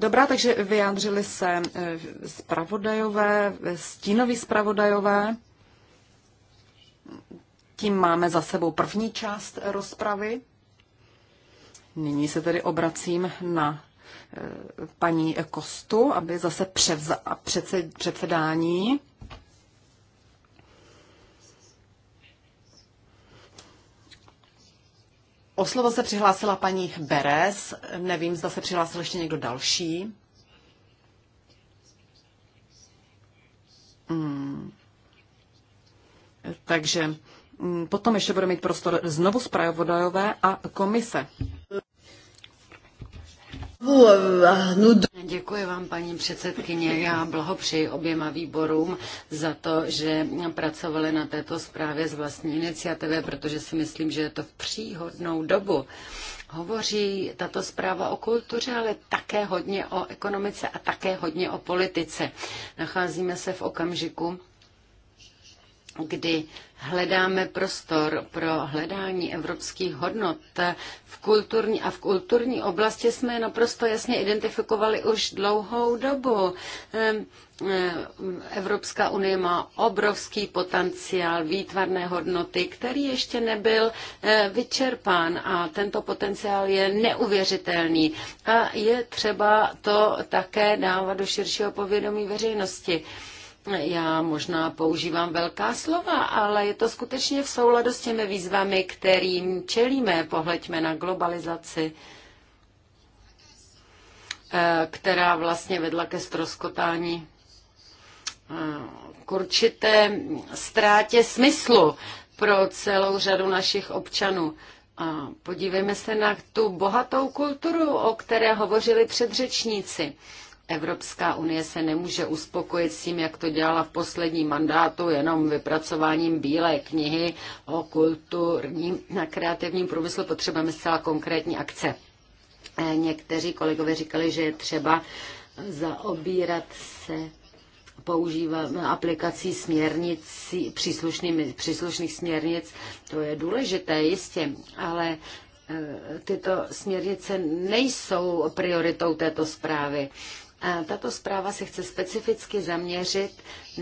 Dobrá, takže vyjádřili se e, zpravodajové, e, stínoví zpravodajové. Tím máme za sebou první část rozpravy. Nyní se tedy obracím na e, paní Kostu, aby zase převzala předsedání. O slovo se přihlásila paní Beres. Nevím, zda se přihlásil ještě někdo další. Hmm. Takže hmm, potom ještě bude mít prostor znovu zpravodajové a komise. Euh, Děkuji vám, paní předsedkyně. Já blahopřeji oběma výborům za to, že pracovali na této zprávě z vlastní iniciativy, protože si myslím, že je to v příhodnou dobu. Hovoří tato zpráva o kultuře, ale také hodně o ekonomice a také hodně o politice. Nacházíme se v okamžiku, kdy hledáme prostor pro hledání evropských hodnot v kulturní a v kulturní oblasti jsme je naprosto jasně identifikovali už dlouhou dobu. Ehm, ehm, Evropská unie má obrovský potenciál výtvarné hodnoty, který ještě nebyl eh, vyčerpán a tento potenciál je neuvěřitelný. A je třeba to také dávat do širšího povědomí veřejnosti. Já možná používám velká slova, ale je to skutečně v souladu s těmi výzvami, kterým čelíme. Pohleďme na globalizaci, eh, která vlastně vedla ke stroskotání eh, k určité ztrátě smyslu pro celou řadu našich občanů. A podívejme se na tu bohatou kulturu, o které hovořili předřečníci. Evropská unie se nemůže uspokojit s tím, jak to dělala v posledním mandátu, jenom vypracováním bílé knihy o kulturním a kreativním průmyslu. Potřebujeme zcela konkrétní akce. E, někteří kolegové říkali, že je třeba zaobírat se používám aplikací směrnic, příslušnými, příslušných směrnic, to je důležité, jistě, ale e, tyto směrnice nejsou prioritou této zprávy. Tato zpráva se chce specificky zaměřit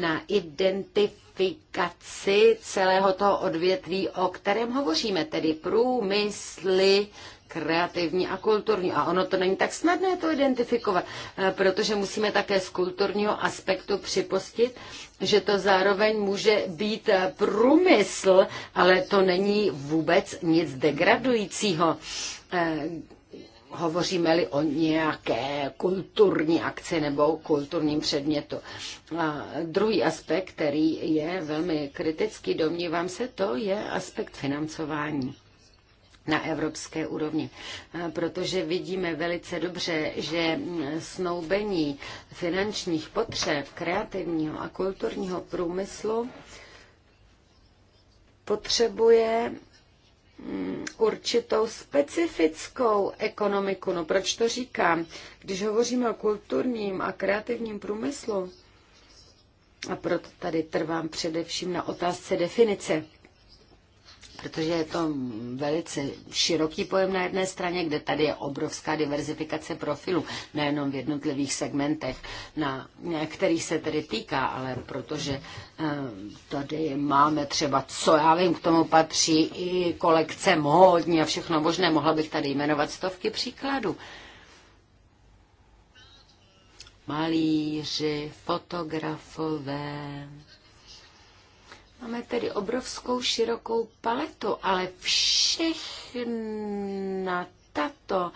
na identifikaci celého toho odvětví, o kterém hovoříme, tedy průmysly, kreativní a kulturní. A ono to není tak snadné to identifikovat, e, protože musíme také z kulturního aspektu připustit, že to zároveň může být e, průmysl, ale to není vůbec nic degradujícího e, hovoříme-li o nějaké kulturní akci nebo kulturním předmětu. A druhý aspekt, který je velmi kritický, domnívám se, to je aspekt financování na evropské úrovni. Protože vidíme velice dobře, že snoubení finančních potřeb kreativního a kulturního průmyslu potřebuje Mm, určitou specifickou ekonomiku. No proč to říkám? Když hovoříme o kulturním a kreativním průmyslu, a proto tady trvám především na otázce definice protože je to velice široký pojem na jedné straně, kde tady je obrovská diverzifikace profilů, nejenom v jednotlivých segmentech, na, kterých se tedy týká, ale protože eh, tady máme třeba, co já vím, k tomu patří i kolekce módní a všechno možné, mohla bych tady jmenovat stovky příkladů. Malíři, fotografové, Máme tedy obrovskou širokou paletu, ale všechna tato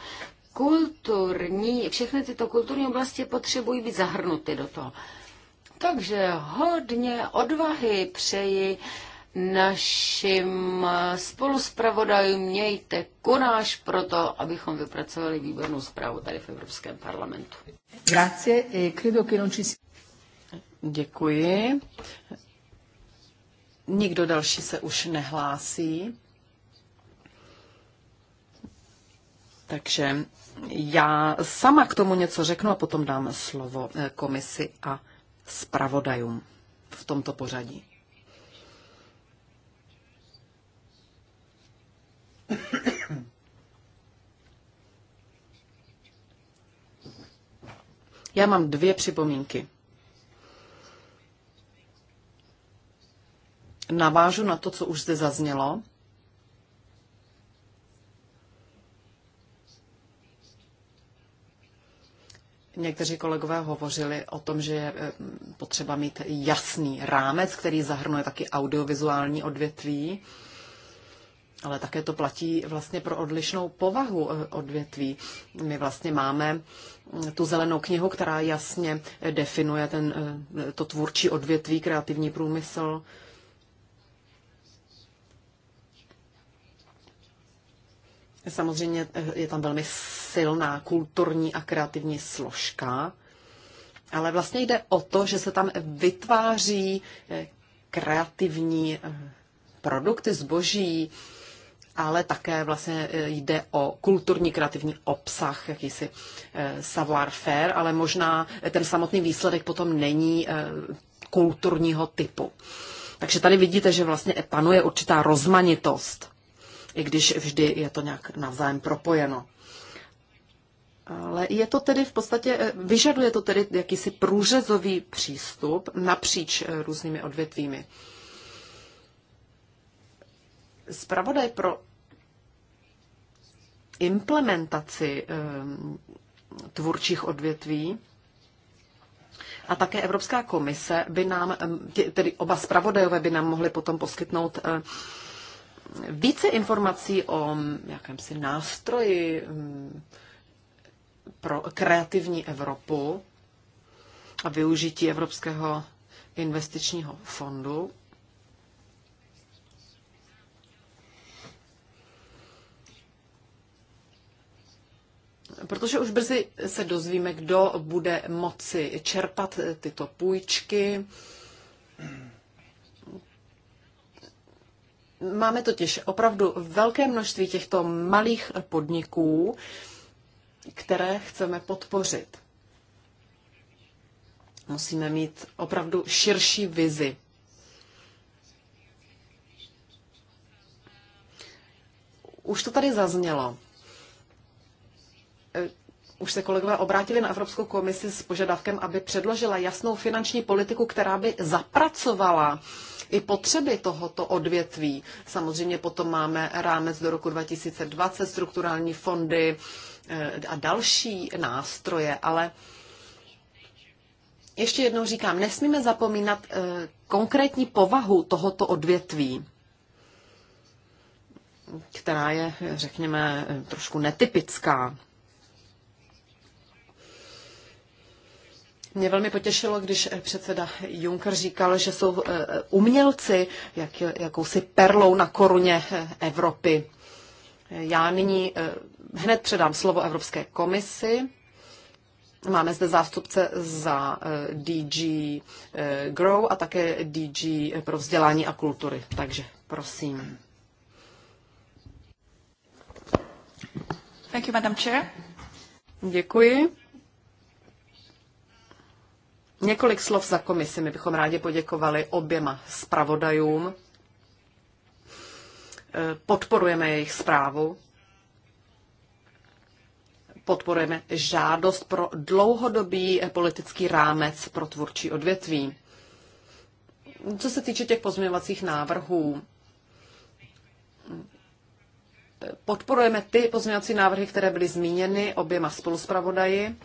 kulturní, všechny tyto kulturní oblasti potřebují být zahrnuty do toho. Takže hodně odvahy přeji našim spoluspravodajům. Mějte kunáž pro to, abychom vypracovali výbornou zprávu tady v Evropském parlamentu. Grazie, e credo che non ci Děkuji. Nikdo další se už nehlásí. Takže já sama k tomu něco řeknu a potom dám slovo eh, komisi a zpravodajům v tomto pořadí. Já mám dvě připomínky. navážu na to, co už zde zaznělo. Někteří kolegové hovořili o tom, že je eh, potřeba mít jasný rámec, který zahrnuje taky audiovizuální odvětví, ale také to platí vlastně pro odlišnou povahu eh, odvětví. My vlastně máme mm, tu zelenou knihu, která jasně definuje ten, eh, to tvůrčí odvětví, kreativní průmysl, Samozřejmě eh, je tam velmi silná kulturní a kreativní složka, ale vlastně jde o to, že se tam vytváří eh, kreativní eh, produkty zboží, ale také vlastně jde o kulturní kreativní obsah, jakýsi savoir-faire, ale možná ten samotný výsledek potom není kulturního typu. Takže tady vidíte, že vlastně panuje určitá rozmanitost i když vždy je to nějak navzájem propojeno. Ale je to tedy v podstatě, eh, vyžaduje to tedy jakýsi průřezový přístup napříč eh, různými odvětvími. Zpravodaj pro implementaci eh, tvůrčích odvětví a také Evropská komise by nám, tedy oba zpravodajové by nám mohli potom poskytnout více informací o jakémsi nástroji mm, pro kreativní Evropu a využití Evropského investičního fondu. Protože už brzy se dozvíme, kdo bude moci čerpat tyto půjčky. Hmm Máme totiž opravdu velké množství těchto malých podniků, které chceme podpořit. Musíme mít opravdu širší vizi. Už to tady zaznělo. E, už se kolegové obrátili na Evropskou komisi s požadavkem, aby předložila jasnou finanční politiku, která by zapracovala i potřeby tohoto odvětví. Samozřejmě potom máme rámec do roku 2020, strukturální fondy eh, a další nástroje, ale ještě jednou říkám, nesmíme zapomínat eh, konkrétní povahu tohoto odvětví která je, řekněme, eh, trošku netypická. Mě velmi potěšilo, když eh, předseda Juncker říkal, že jsou eh, eh, umělci jak, jakousi perlou na koruně Evropy. Já nyní hned předám slovo Evropské komisi. Máme zde zástupce za DG Grow a také DG pro vzdělání a kultury. Takže prosím. Thank you, Madam Chair. Děkuji. Několik slov za komisi. My bychom rádi poděkovali oběma zpravodajům. E, podporujeme jejich zprávu. Podporujeme žádost pro dlouhodobý politický rámec pro tvůrčí odvětví. Co se týče těch pozměňovacích návrhů, podporujeme ty pozměňovací návrhy, které byly zmíněny oběma spoluspravodaji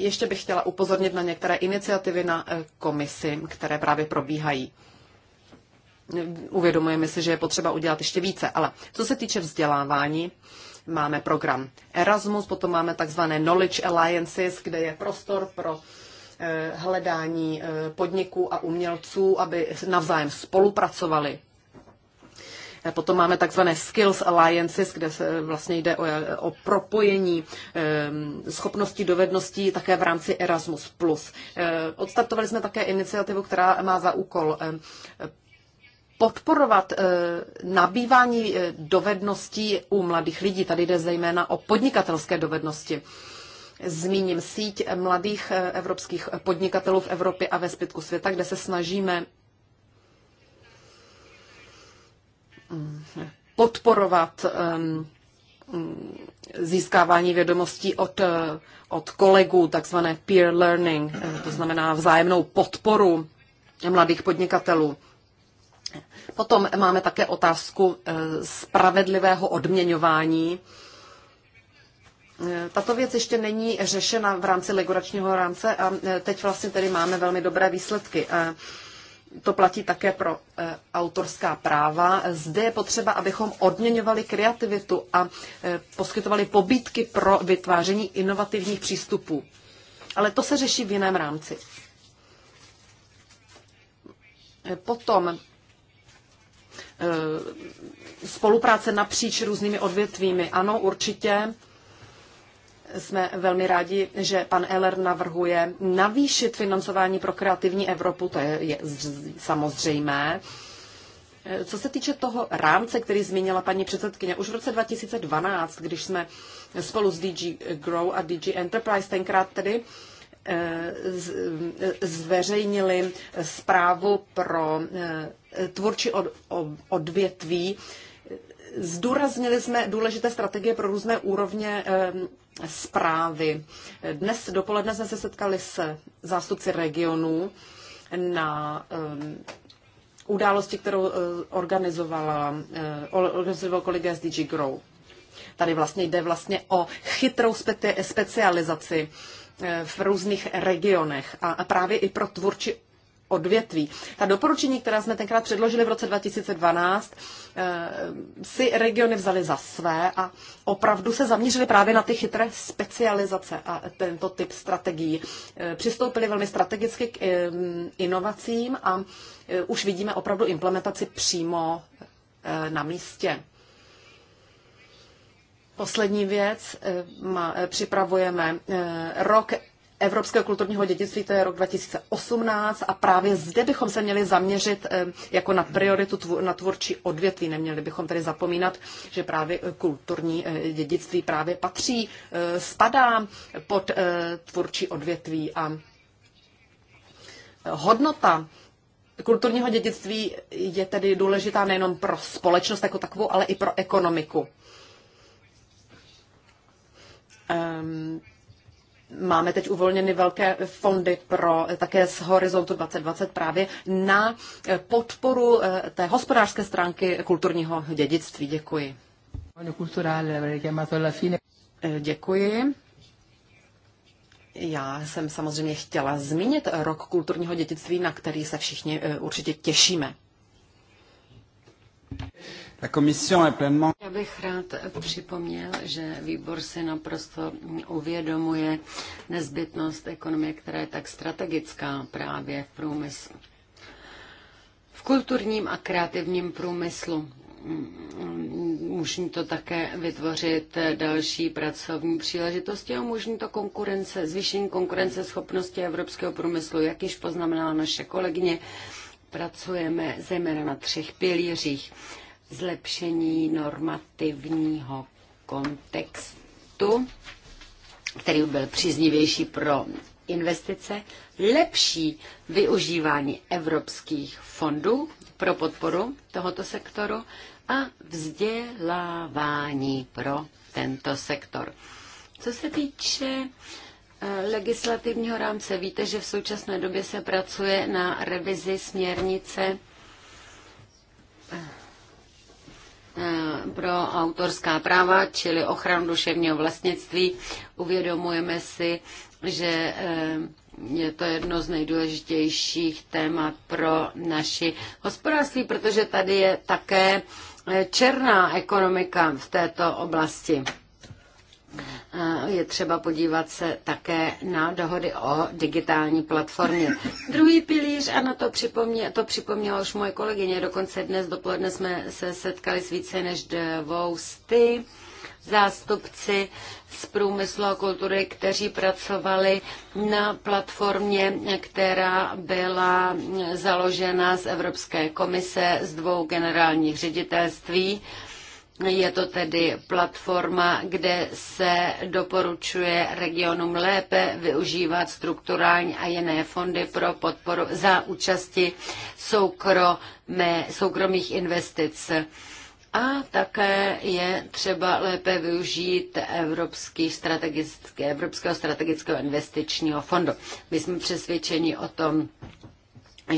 Ještě bych chtěla upozornit na některé iniciativy na eh, komisi, které právě probíhají. Uvědomujeme si, že je potřeba udělat ještě více, ale co se týče vzdělávání, máme program Erasmus, potom máme takzvané Knowledge Alliances, kde je prostor pro eh, hledání eh, podniků a umělců, aby navzájem spolupracovali. Potom máme takzvané skills alliances, kde se vlastně jde o, o propojení ehm, schopností, dovedností také v rámci Erasmus+. Eh, odstartovali jsme také iniciativu, která má za úkol ehm, podporovat eh, nabývání eh, dovedností u mladých lidí. Tady jde zejména o podnikatelské dovednosti. Zmíním síť mladých evropských podnikatelů v Evropě a ve zbytku světa, kde se snažíme podporovat získávání vědomostí od, eh, od kolegů, takzvané peer learning, eh, to znamená vzájemnou podporu mladých podnikatelů. Potom máme také otázku eh, spravedlivého odměňování. Tato věc ještě není řešena v rámci legoračního rámce a teď vlastně tedy máme velmi dobré výsledky to platí také pro eh, autorská práva. Zde je potřeba, abychom odměňovali kreativitu a eh, poskytovali pobídky pro vytváření inovativních přístupů. Ale to se řeší v jiném rámci. Eh, potom spolupráce napříč různými odvětvími. Ano, určitě jsme velmi rádi, že pan Eller navrhuje navýšit financování pro kreativní Evropu, to je, je samozřejmé. Co se týče toho rámce, který zmínila paní předsedkyně, už v roce 2012, když jsme spolu s DG Grow a DG Enterprise tenkrát tedy eh, eh, zveřejnili zprávu pro eh, tvůrčí odvětví, zdůraznili jsme důležité strategie pro různé úrovně zprávy. Dnes dopoledne jsme se setkali s zástupci regionů na um, události, kterou uh, organizovala, uh, organizoval kolega z DG Grow. Tady vlastně jde vlastně o chytrou speci- specializaci uh, v různých regionech a právě i pro tvůrči odvětví. Ta doporučení, která jsme tenkrát předložili v roce 2012, eh, si regiony vzali za své a opravdu se zaměřili právě na ty chytré specializace a tento typ strategií. Eh, přistoupili velmi strategicky k eh, inovacím a už vidíme opravdu implementaci přímo na místě. Poslední věc, připravujeme rok Evropského kulturního dědictví, to je rok 2018 a právě zde bychom se měli zaměřit eh, jako na prioritu na tvůrčí odvětví. Neměli bychom tedy zapomínat, že právě eh, kulturní eh, dědictví právě patří, spadá pod tvůrčí odvětví a hodnota kulturního dědictví je tedy důležitá nejenom pro společnost jako takovou, ale i pro ekonomiku. Ehm, Máme teď uvolněny velké fondy pro eh, také z Horizontu 2020 právě na eh, podporu eh, té hospodářské stránky kulturního dědictví. Děkuji. Děkuji. Já jsem samozřejmě chtěla zmínit rok kulturního dědictví, na který se všichni určitě těšíme. Já bych rád připomněl, že výbor si naprosto uvědomuje nezbytnost ekonomie, která je tak strategická právě v průmyslu. V kulturním a kreativním průmyslu umožní to také vytvořit další pracovní příležitosti a umožní to konkurence, zvýšení konkurenceschopnosti evropského průmyslu, jak již poznamenala naše kolegyně. Pracujeme zejména na třech pilířích zlepšení normativního kontextu, který byl příznivější pro investice, lepší využívání evropských fondů pro podporu tohoto sektoru a vzdělávání pro tento sektor. Co se týče eh, legislativního rámce, víte, že v současné době se pracuje na revizi směrnice eh, Eh, pro autorská práva, čili ochranu duševního vlastnictví. Uvědomujeme si, že eh, je to jedno z nejdůležitějších témat pro naši hospodářství, protože tady je také eh, černá ekonomika v této oblasti je třeba podívat se také na dohody o digitální platformě. Druhý pilíř, ano, to, připomně, to připomněla už moje kolegyně, dokonce dnes dopoledne jsme se setkali s více než dvou sty zástupci z průmyslu a kultury, kteří pracovali na platformě, která byla založena z Evropské komise z dvou generálních ředitelství je to tedy platforma, kde se doporučuje regionům lépe využívat strukturální a jiné fondy pro podporu za účasti soukromé, soukromých investic. A také je třeba lépe využít Evropský strategické, Evropského strategického investičního fondu. My jsme přesvědčeni o tom,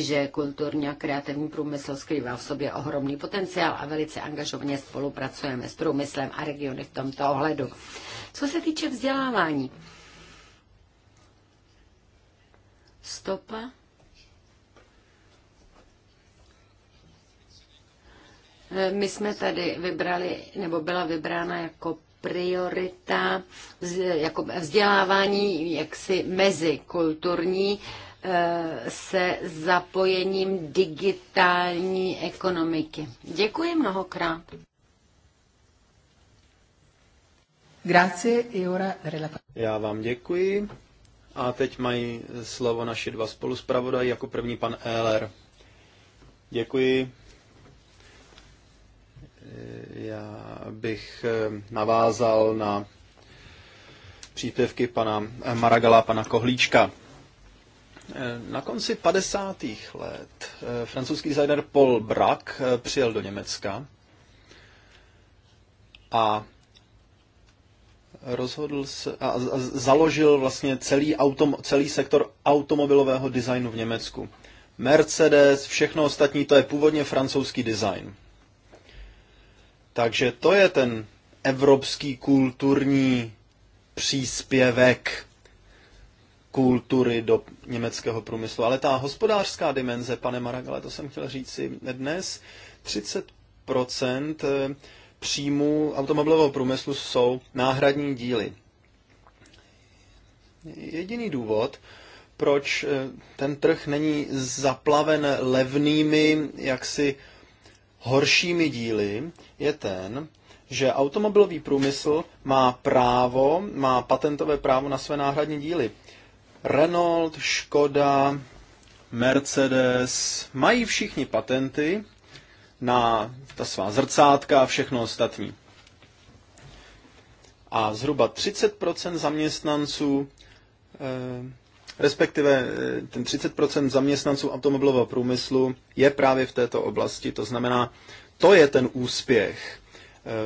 že kulturní a kreativní průmysl skrývá v sobě ohromný potenciál a velice angažovaně spolupracujeme s průmyslem a regiony v tomto ohledu. Co se týče vzdělávání, stopa My jsme tady vybrali, nebo byla vybrána jako priorita jako vzdělávání jaksi mezi kulturní se zapojením digitální ekonomiky. Děkuji mnohokrát. E Já vám děkuji. A teď mají slovo naši dva spoluspravodají, jako první pan Eller. Děkuji. Já bych eh, navázal na příspěvky pana Maragala, pana Kohlíčka. Na konci 50. let eh, francouzský designer Paul Brack eh, přijel do Německa a rozhodl se a, založil vlastně celý, autom, celý sektor automobilového designu v Německu. Mercedes, všechno ostatní, to je původně francouzský design. Takže to je ten evropský kulturní příspěvek kultury do německého průmyslu. Ale ta hospodářská dimenze, pane Maragale, to jsem chtěl říct si dnes, 30 eh, příjmů automobilového průmyslu jsou náhradní díly. Jediný důvod, proč eh, ten trh není zaplaven levnými, jaksi horšími díly, je ten, že automobilový průmysl má právo, má patentové právo na své náhradní díly. Renault, Škoda, Mercedes, mají všichni patenty na ta svá zrcátka a všechno ostatní. A zhruba 30% zaměstnanců, eh, respektive eh, ten 30% zaměstnanců automobilového průmyslu je právě v této oblasti. To znamená, to je ten úspěch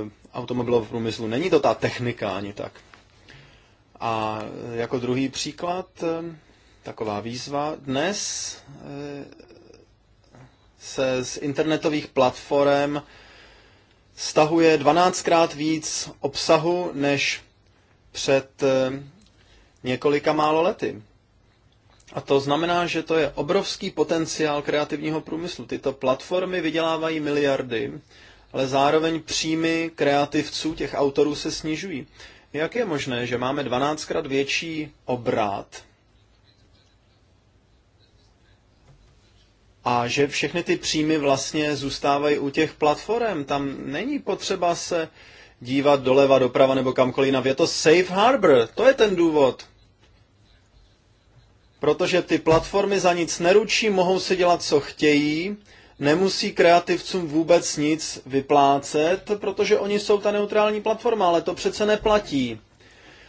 eh, automobilového průmyslu. Není to ta technika ani tak. A jako druhý příklad, eh, taková výzva, dnes eh, se z internetových platform stahuje 12krát víc obsahu než před eh, několika málo lety. A to znamená, že to je obrovský potenciál kreativního průmyslu. Tyto platformy vydělávají miliardy, ale zároveň příjmy kreativců, těch autorů, se snižují. Jak je možné, že máme 12krát větší obrat a že všechny ty příjmy vlastně zůstávají u těch platform? Tam není potřeba se dívat doleva, doprava nebo kamkoliv na Je to safe harbor, to je ten důvod. Protože ty platformy za nic neručí, mohou si dělat, co chtějí, nemusí kreativcům vůbec nic vyplácet, protože oni jsou ta neutrální platforma, ale to přece neplatí.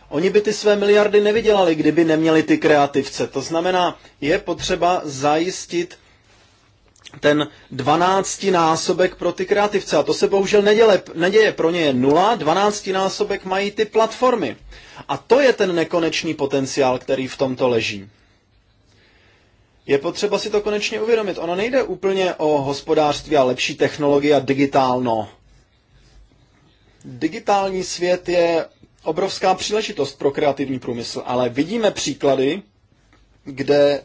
Oni by ty své miliardy nevydělali, kdyby neměli ty kreativce. To znamená, je potřeba zajistit ten 12 násobek pro ty kreativce. A to se bohužel neděle, neděje. Pro ně je nula, 12 násobek mají ty platformy. A to je ten nekonečný potenciál, který v tomto leží. Je potřeba si to konečně uvědomit. Ono nejde úplně o hospodářství a lepší technologie a digitálno. Digitální svět je obrovská příležitost pro kreativní průmysl, ale vidíme příklady, kde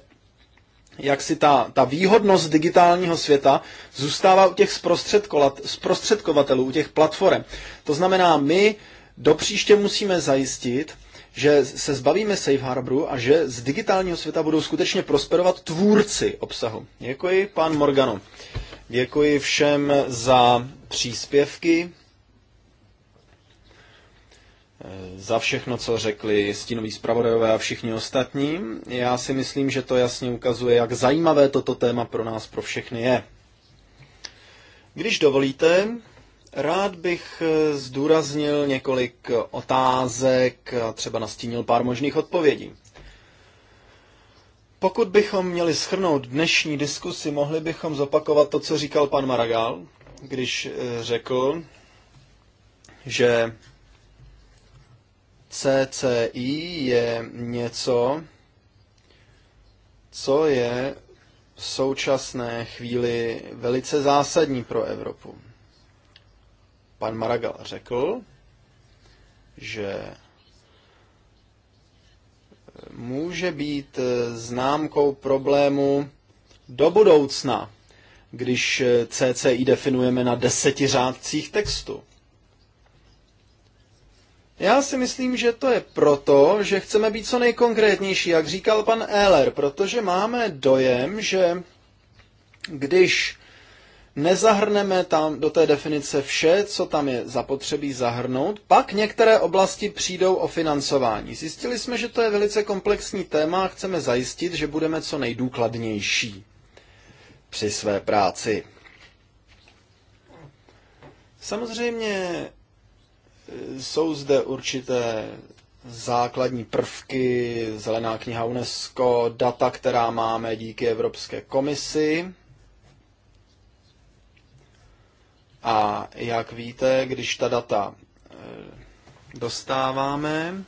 jak si ta, ta výhodnost digitálního světa zůstává u těch zprostředkovatelů, u těch platform. To znamená, my do příště musíme zajistit, že se zbavíme safe harboru a že z digitálního světa budou skutečně prosperovat tvůrci obsahu. Děkuji, pan Morgano. Děkuji všem za příspěvky, eh, za všechno, co řekli stínoví zpravodajové a všichni ostatní. Já si myslím, že to jasně ukazuje, jak zajímavé toto téma pro nás, pro všechny je. Když dovolíte, Rád bych eh, zdůraznil několik otázek a třeba nastínil pár možných odpovědí. Pokud bychom měli schrnout dnešní diskusi, mohli bychom zopakovat to, co říkal pan Maragal, když eh, řekl, že CCI je něco, co je v současné chvíli velice zásadní pro Evropu. Pan Maragal řekl, že může být známkou problému do budoucna, když CCI definujeme na deseti řádcích textu. Já si myslím, že to je proto, že chceme být co nejkonkrétnější, jak říkal pan Eller, protože máme dojem, že když nezahrneme tam do té definice vše, co tam je zapotřebí zahrnout, pak některé oblasti přijdou o financování. Zjistili jsme, že to je velice komplexní téma a chceme zajistit, že budeme co nejdůkladnější při své práci. Samozřejmě e, jsou zde určité základní prvky, zelená kniha UNESCO, data, která máme díky Evropské komisi, A jak víte, když ta data eh, dostáváme,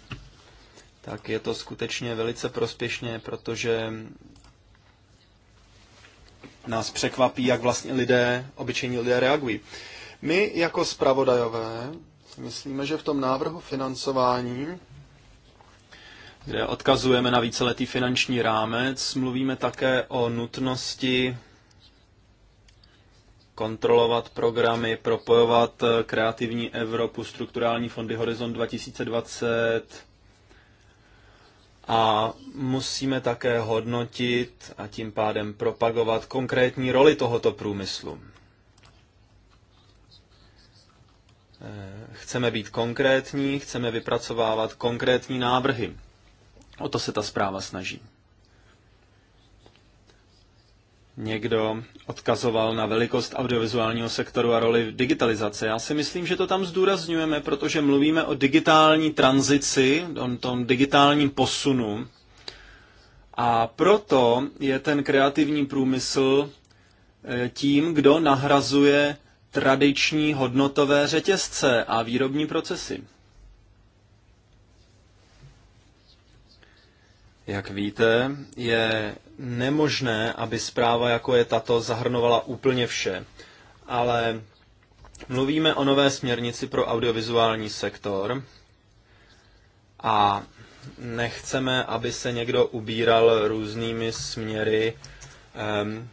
tak je to skutečně velice prospěšné, protože nás překvapí, jak vlastně lidé, obyčejní lidé reagují. My jako spravodajové myslíme, že v tom návrhu financování, kde odkazujeme na víceletý finanční rámec, mluvíme také o nutnosti kontrolovat programy, propojovat eh, kreativní Evropu, strukturální fondy Horizon 2020 a musíme také hodnotit a tím pádem propagovat konkrétní roli tohoto průmyslu. Eh, chceme být konkrétní, chceme vypracovávat konkrétní návrhy. O to se ta zpráva snaží někdo odkazoval na velikost audiovizuálního sektoru a roli digitalizace. Já si myslím, že to tam zdůrazňujeme, protože mluvíme o digitální tranzici, o tom digitálním posunu. A proto je ten kreativní průmysl eh, tím, kdo nahrazuje tradiční hodnotové řetězce a výrobní procesy. Jak víte, je nemožné, aby zpráva jako je tato zahrnovala úplně vše, ale mluvíme o nové směrnici pro audiovizuální sektor a nechceme, aby se někdo ubíral různými směry,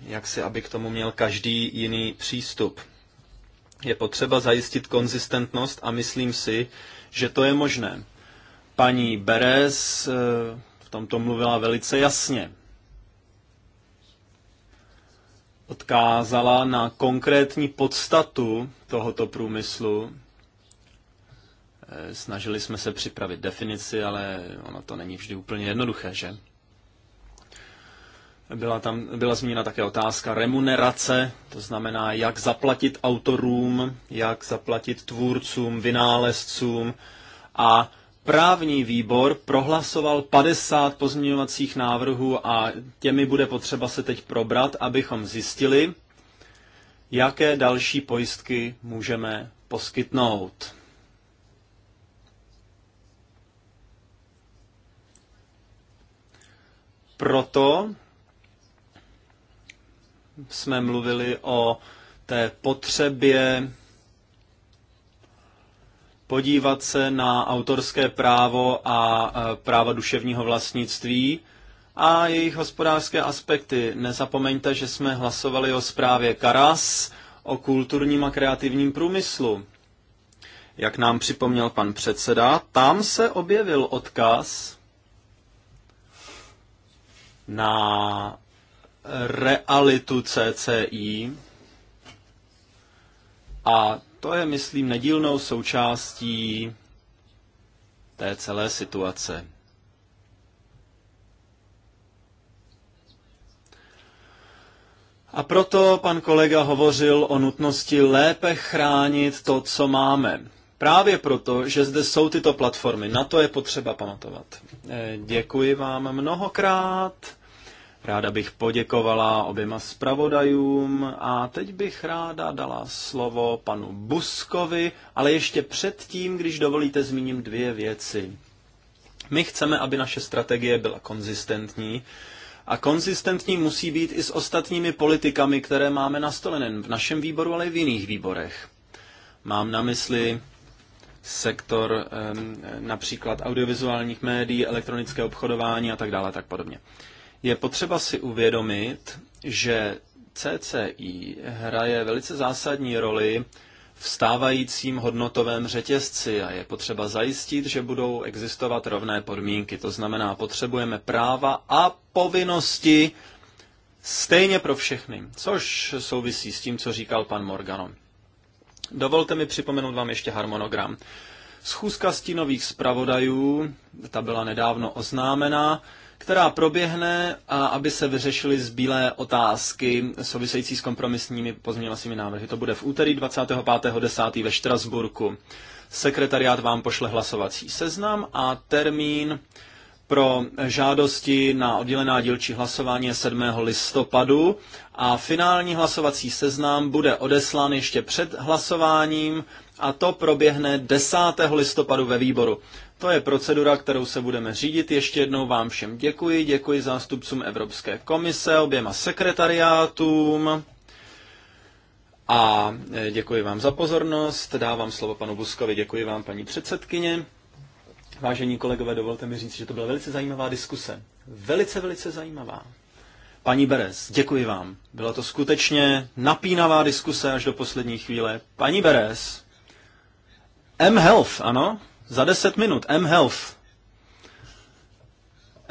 jak si, aby k tomu měl každý jiný přístup. Je potřeba zajistit konzistentnost a myslím si, že to je možné. Paní Beres tomto mluvila velice jasně. Odkázala na konkrétní podstatu tohoto průmyslu. Eh, snažili jsme se připravit definici, ale ono to není vždy úplně jednoduché, že? Byla tam byla zmíněna také otázka remunerace, to znamená, jak zaplatit autorům, jak zaplatit tvůrcům, vynálezcům a Právní výbor prohlasoval 50 pozměňovacích návrhů a těmi bude potřeba se teď probrat, abychom zjistili, jaké další pojistky můžeme poskytnout. Proto jsme mluvili o té potřebě podívat se na autorské právo a e, práva duševního vlastnictví a jejich hospodářské aspekty. Nezapomeňte, že jsme hlasovali o zprávě Karas o kulturním a kreativním průmyslu. Jak nám připomněl pan předseda, tam se objevil odkaz na realitu CCI a to je, myslím, nedílnou součástí té celé situace. A proto pan kolega hovořil o nutnosti lépe chránit to, co máme. Právě proto, že zde jsou tyto platformy. Na to je potřeba pamatovat. Eh, děkuji vám mnohokrát. Ráda bych poděkovala oběma zpravodajům a teď bych ráda dala slovo panu Buskovi, ale ještě předtím, když dovolíte, zmíním dvě věci. My chceme, aby naše strategie byla konzistentní a konzistentní musí být i s ostatními politikami, které máme na stole nejen v našem výboru, ale i v jiných výborech. Mám na mysli sektor například audiovizuálních médií, elektronické obchodování a tak dále, tak podobně. Je potřeba si uvědomit, že CCI hraje velice zásadní roli v stávajícím hodnotovém řetězci a je potřeba zajistit, že budou existovat rovné podmínky. To znamená, potřebujeme práva a povinnosti stejně pro všechny, což souvisí s tím, co říkal pan Morgano. Dovolte mi připomenout vám ještě harmonogram. Schůzka stínových zpravodajů, ta byla nedávno oznámena, která proběhne a aby se vyřešily zbílé otázky související s kompromisními pozměňovacími návrhy. To bude v úterý 25.10. ve Štrasburku. Sekretariát vám pošle hlasovací seznam a termín pro žádosti na oddělená dílčí hlasování 7. listopadu a finální hlasovací seznam bude odeslán ještě před hlasováním a to proběhne 10. listopadu ve výboru. To je procedura, kterou se budeme řídit. Ještě jednou vám všem děkuji. Děkuji zástupcům Evropské komise, oběma sekretariátům. A eh, děkuji vám za pozornost. Dávám slovo panu Buskovi. Děkuji vám, paní předsedkyně. Vážení kolegové, dovolte mi říct, že to byla velice zajímavá diskuse. Velice, velice zajímavá. Paní Beres, děkuji vám. Byla to skutečně napínavá diskuse až do poslední chvíle. Paní Beres, M-Health, ano? za 10 minut, mHealth.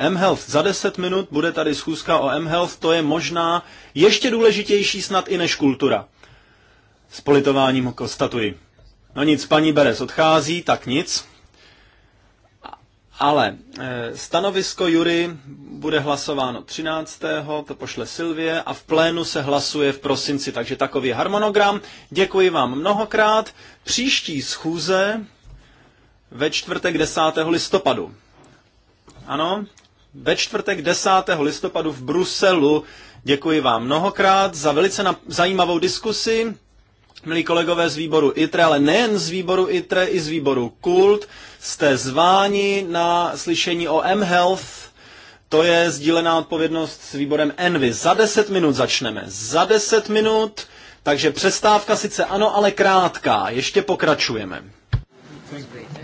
mHealth, za 10 minut bude tady schůzka o mHealth, to je možná ještě důležitější snad i než kultura. S politováním konstatuji. No nic, paní Beres odchází, tak nic. Ale eh, stanovisko Jury bude hlasováno 13. to pošle Silvie a v plénu se hlasuje v prosinci, takže takový harmonogram. Děkuji vám mnohokrát. Příští schůze ve čtvrtek 10. listopadu. Ano, ve čtvrtek 10. listopadu v Bruselu. Děkuji vám mnohokrát za velice zajímavou diskusi. Milí kolegové z výboru ITRE, ale nejen z výboru ITRE, i z výboru KULT, jste zváni na slyšení o mHealth. To je sdílená odpovědnost s výborem Envy. Za 10 minut začneme. Za 10 minut, takže přestávka sice ano, ale krátká. Ještě pokračujeme. Thank you.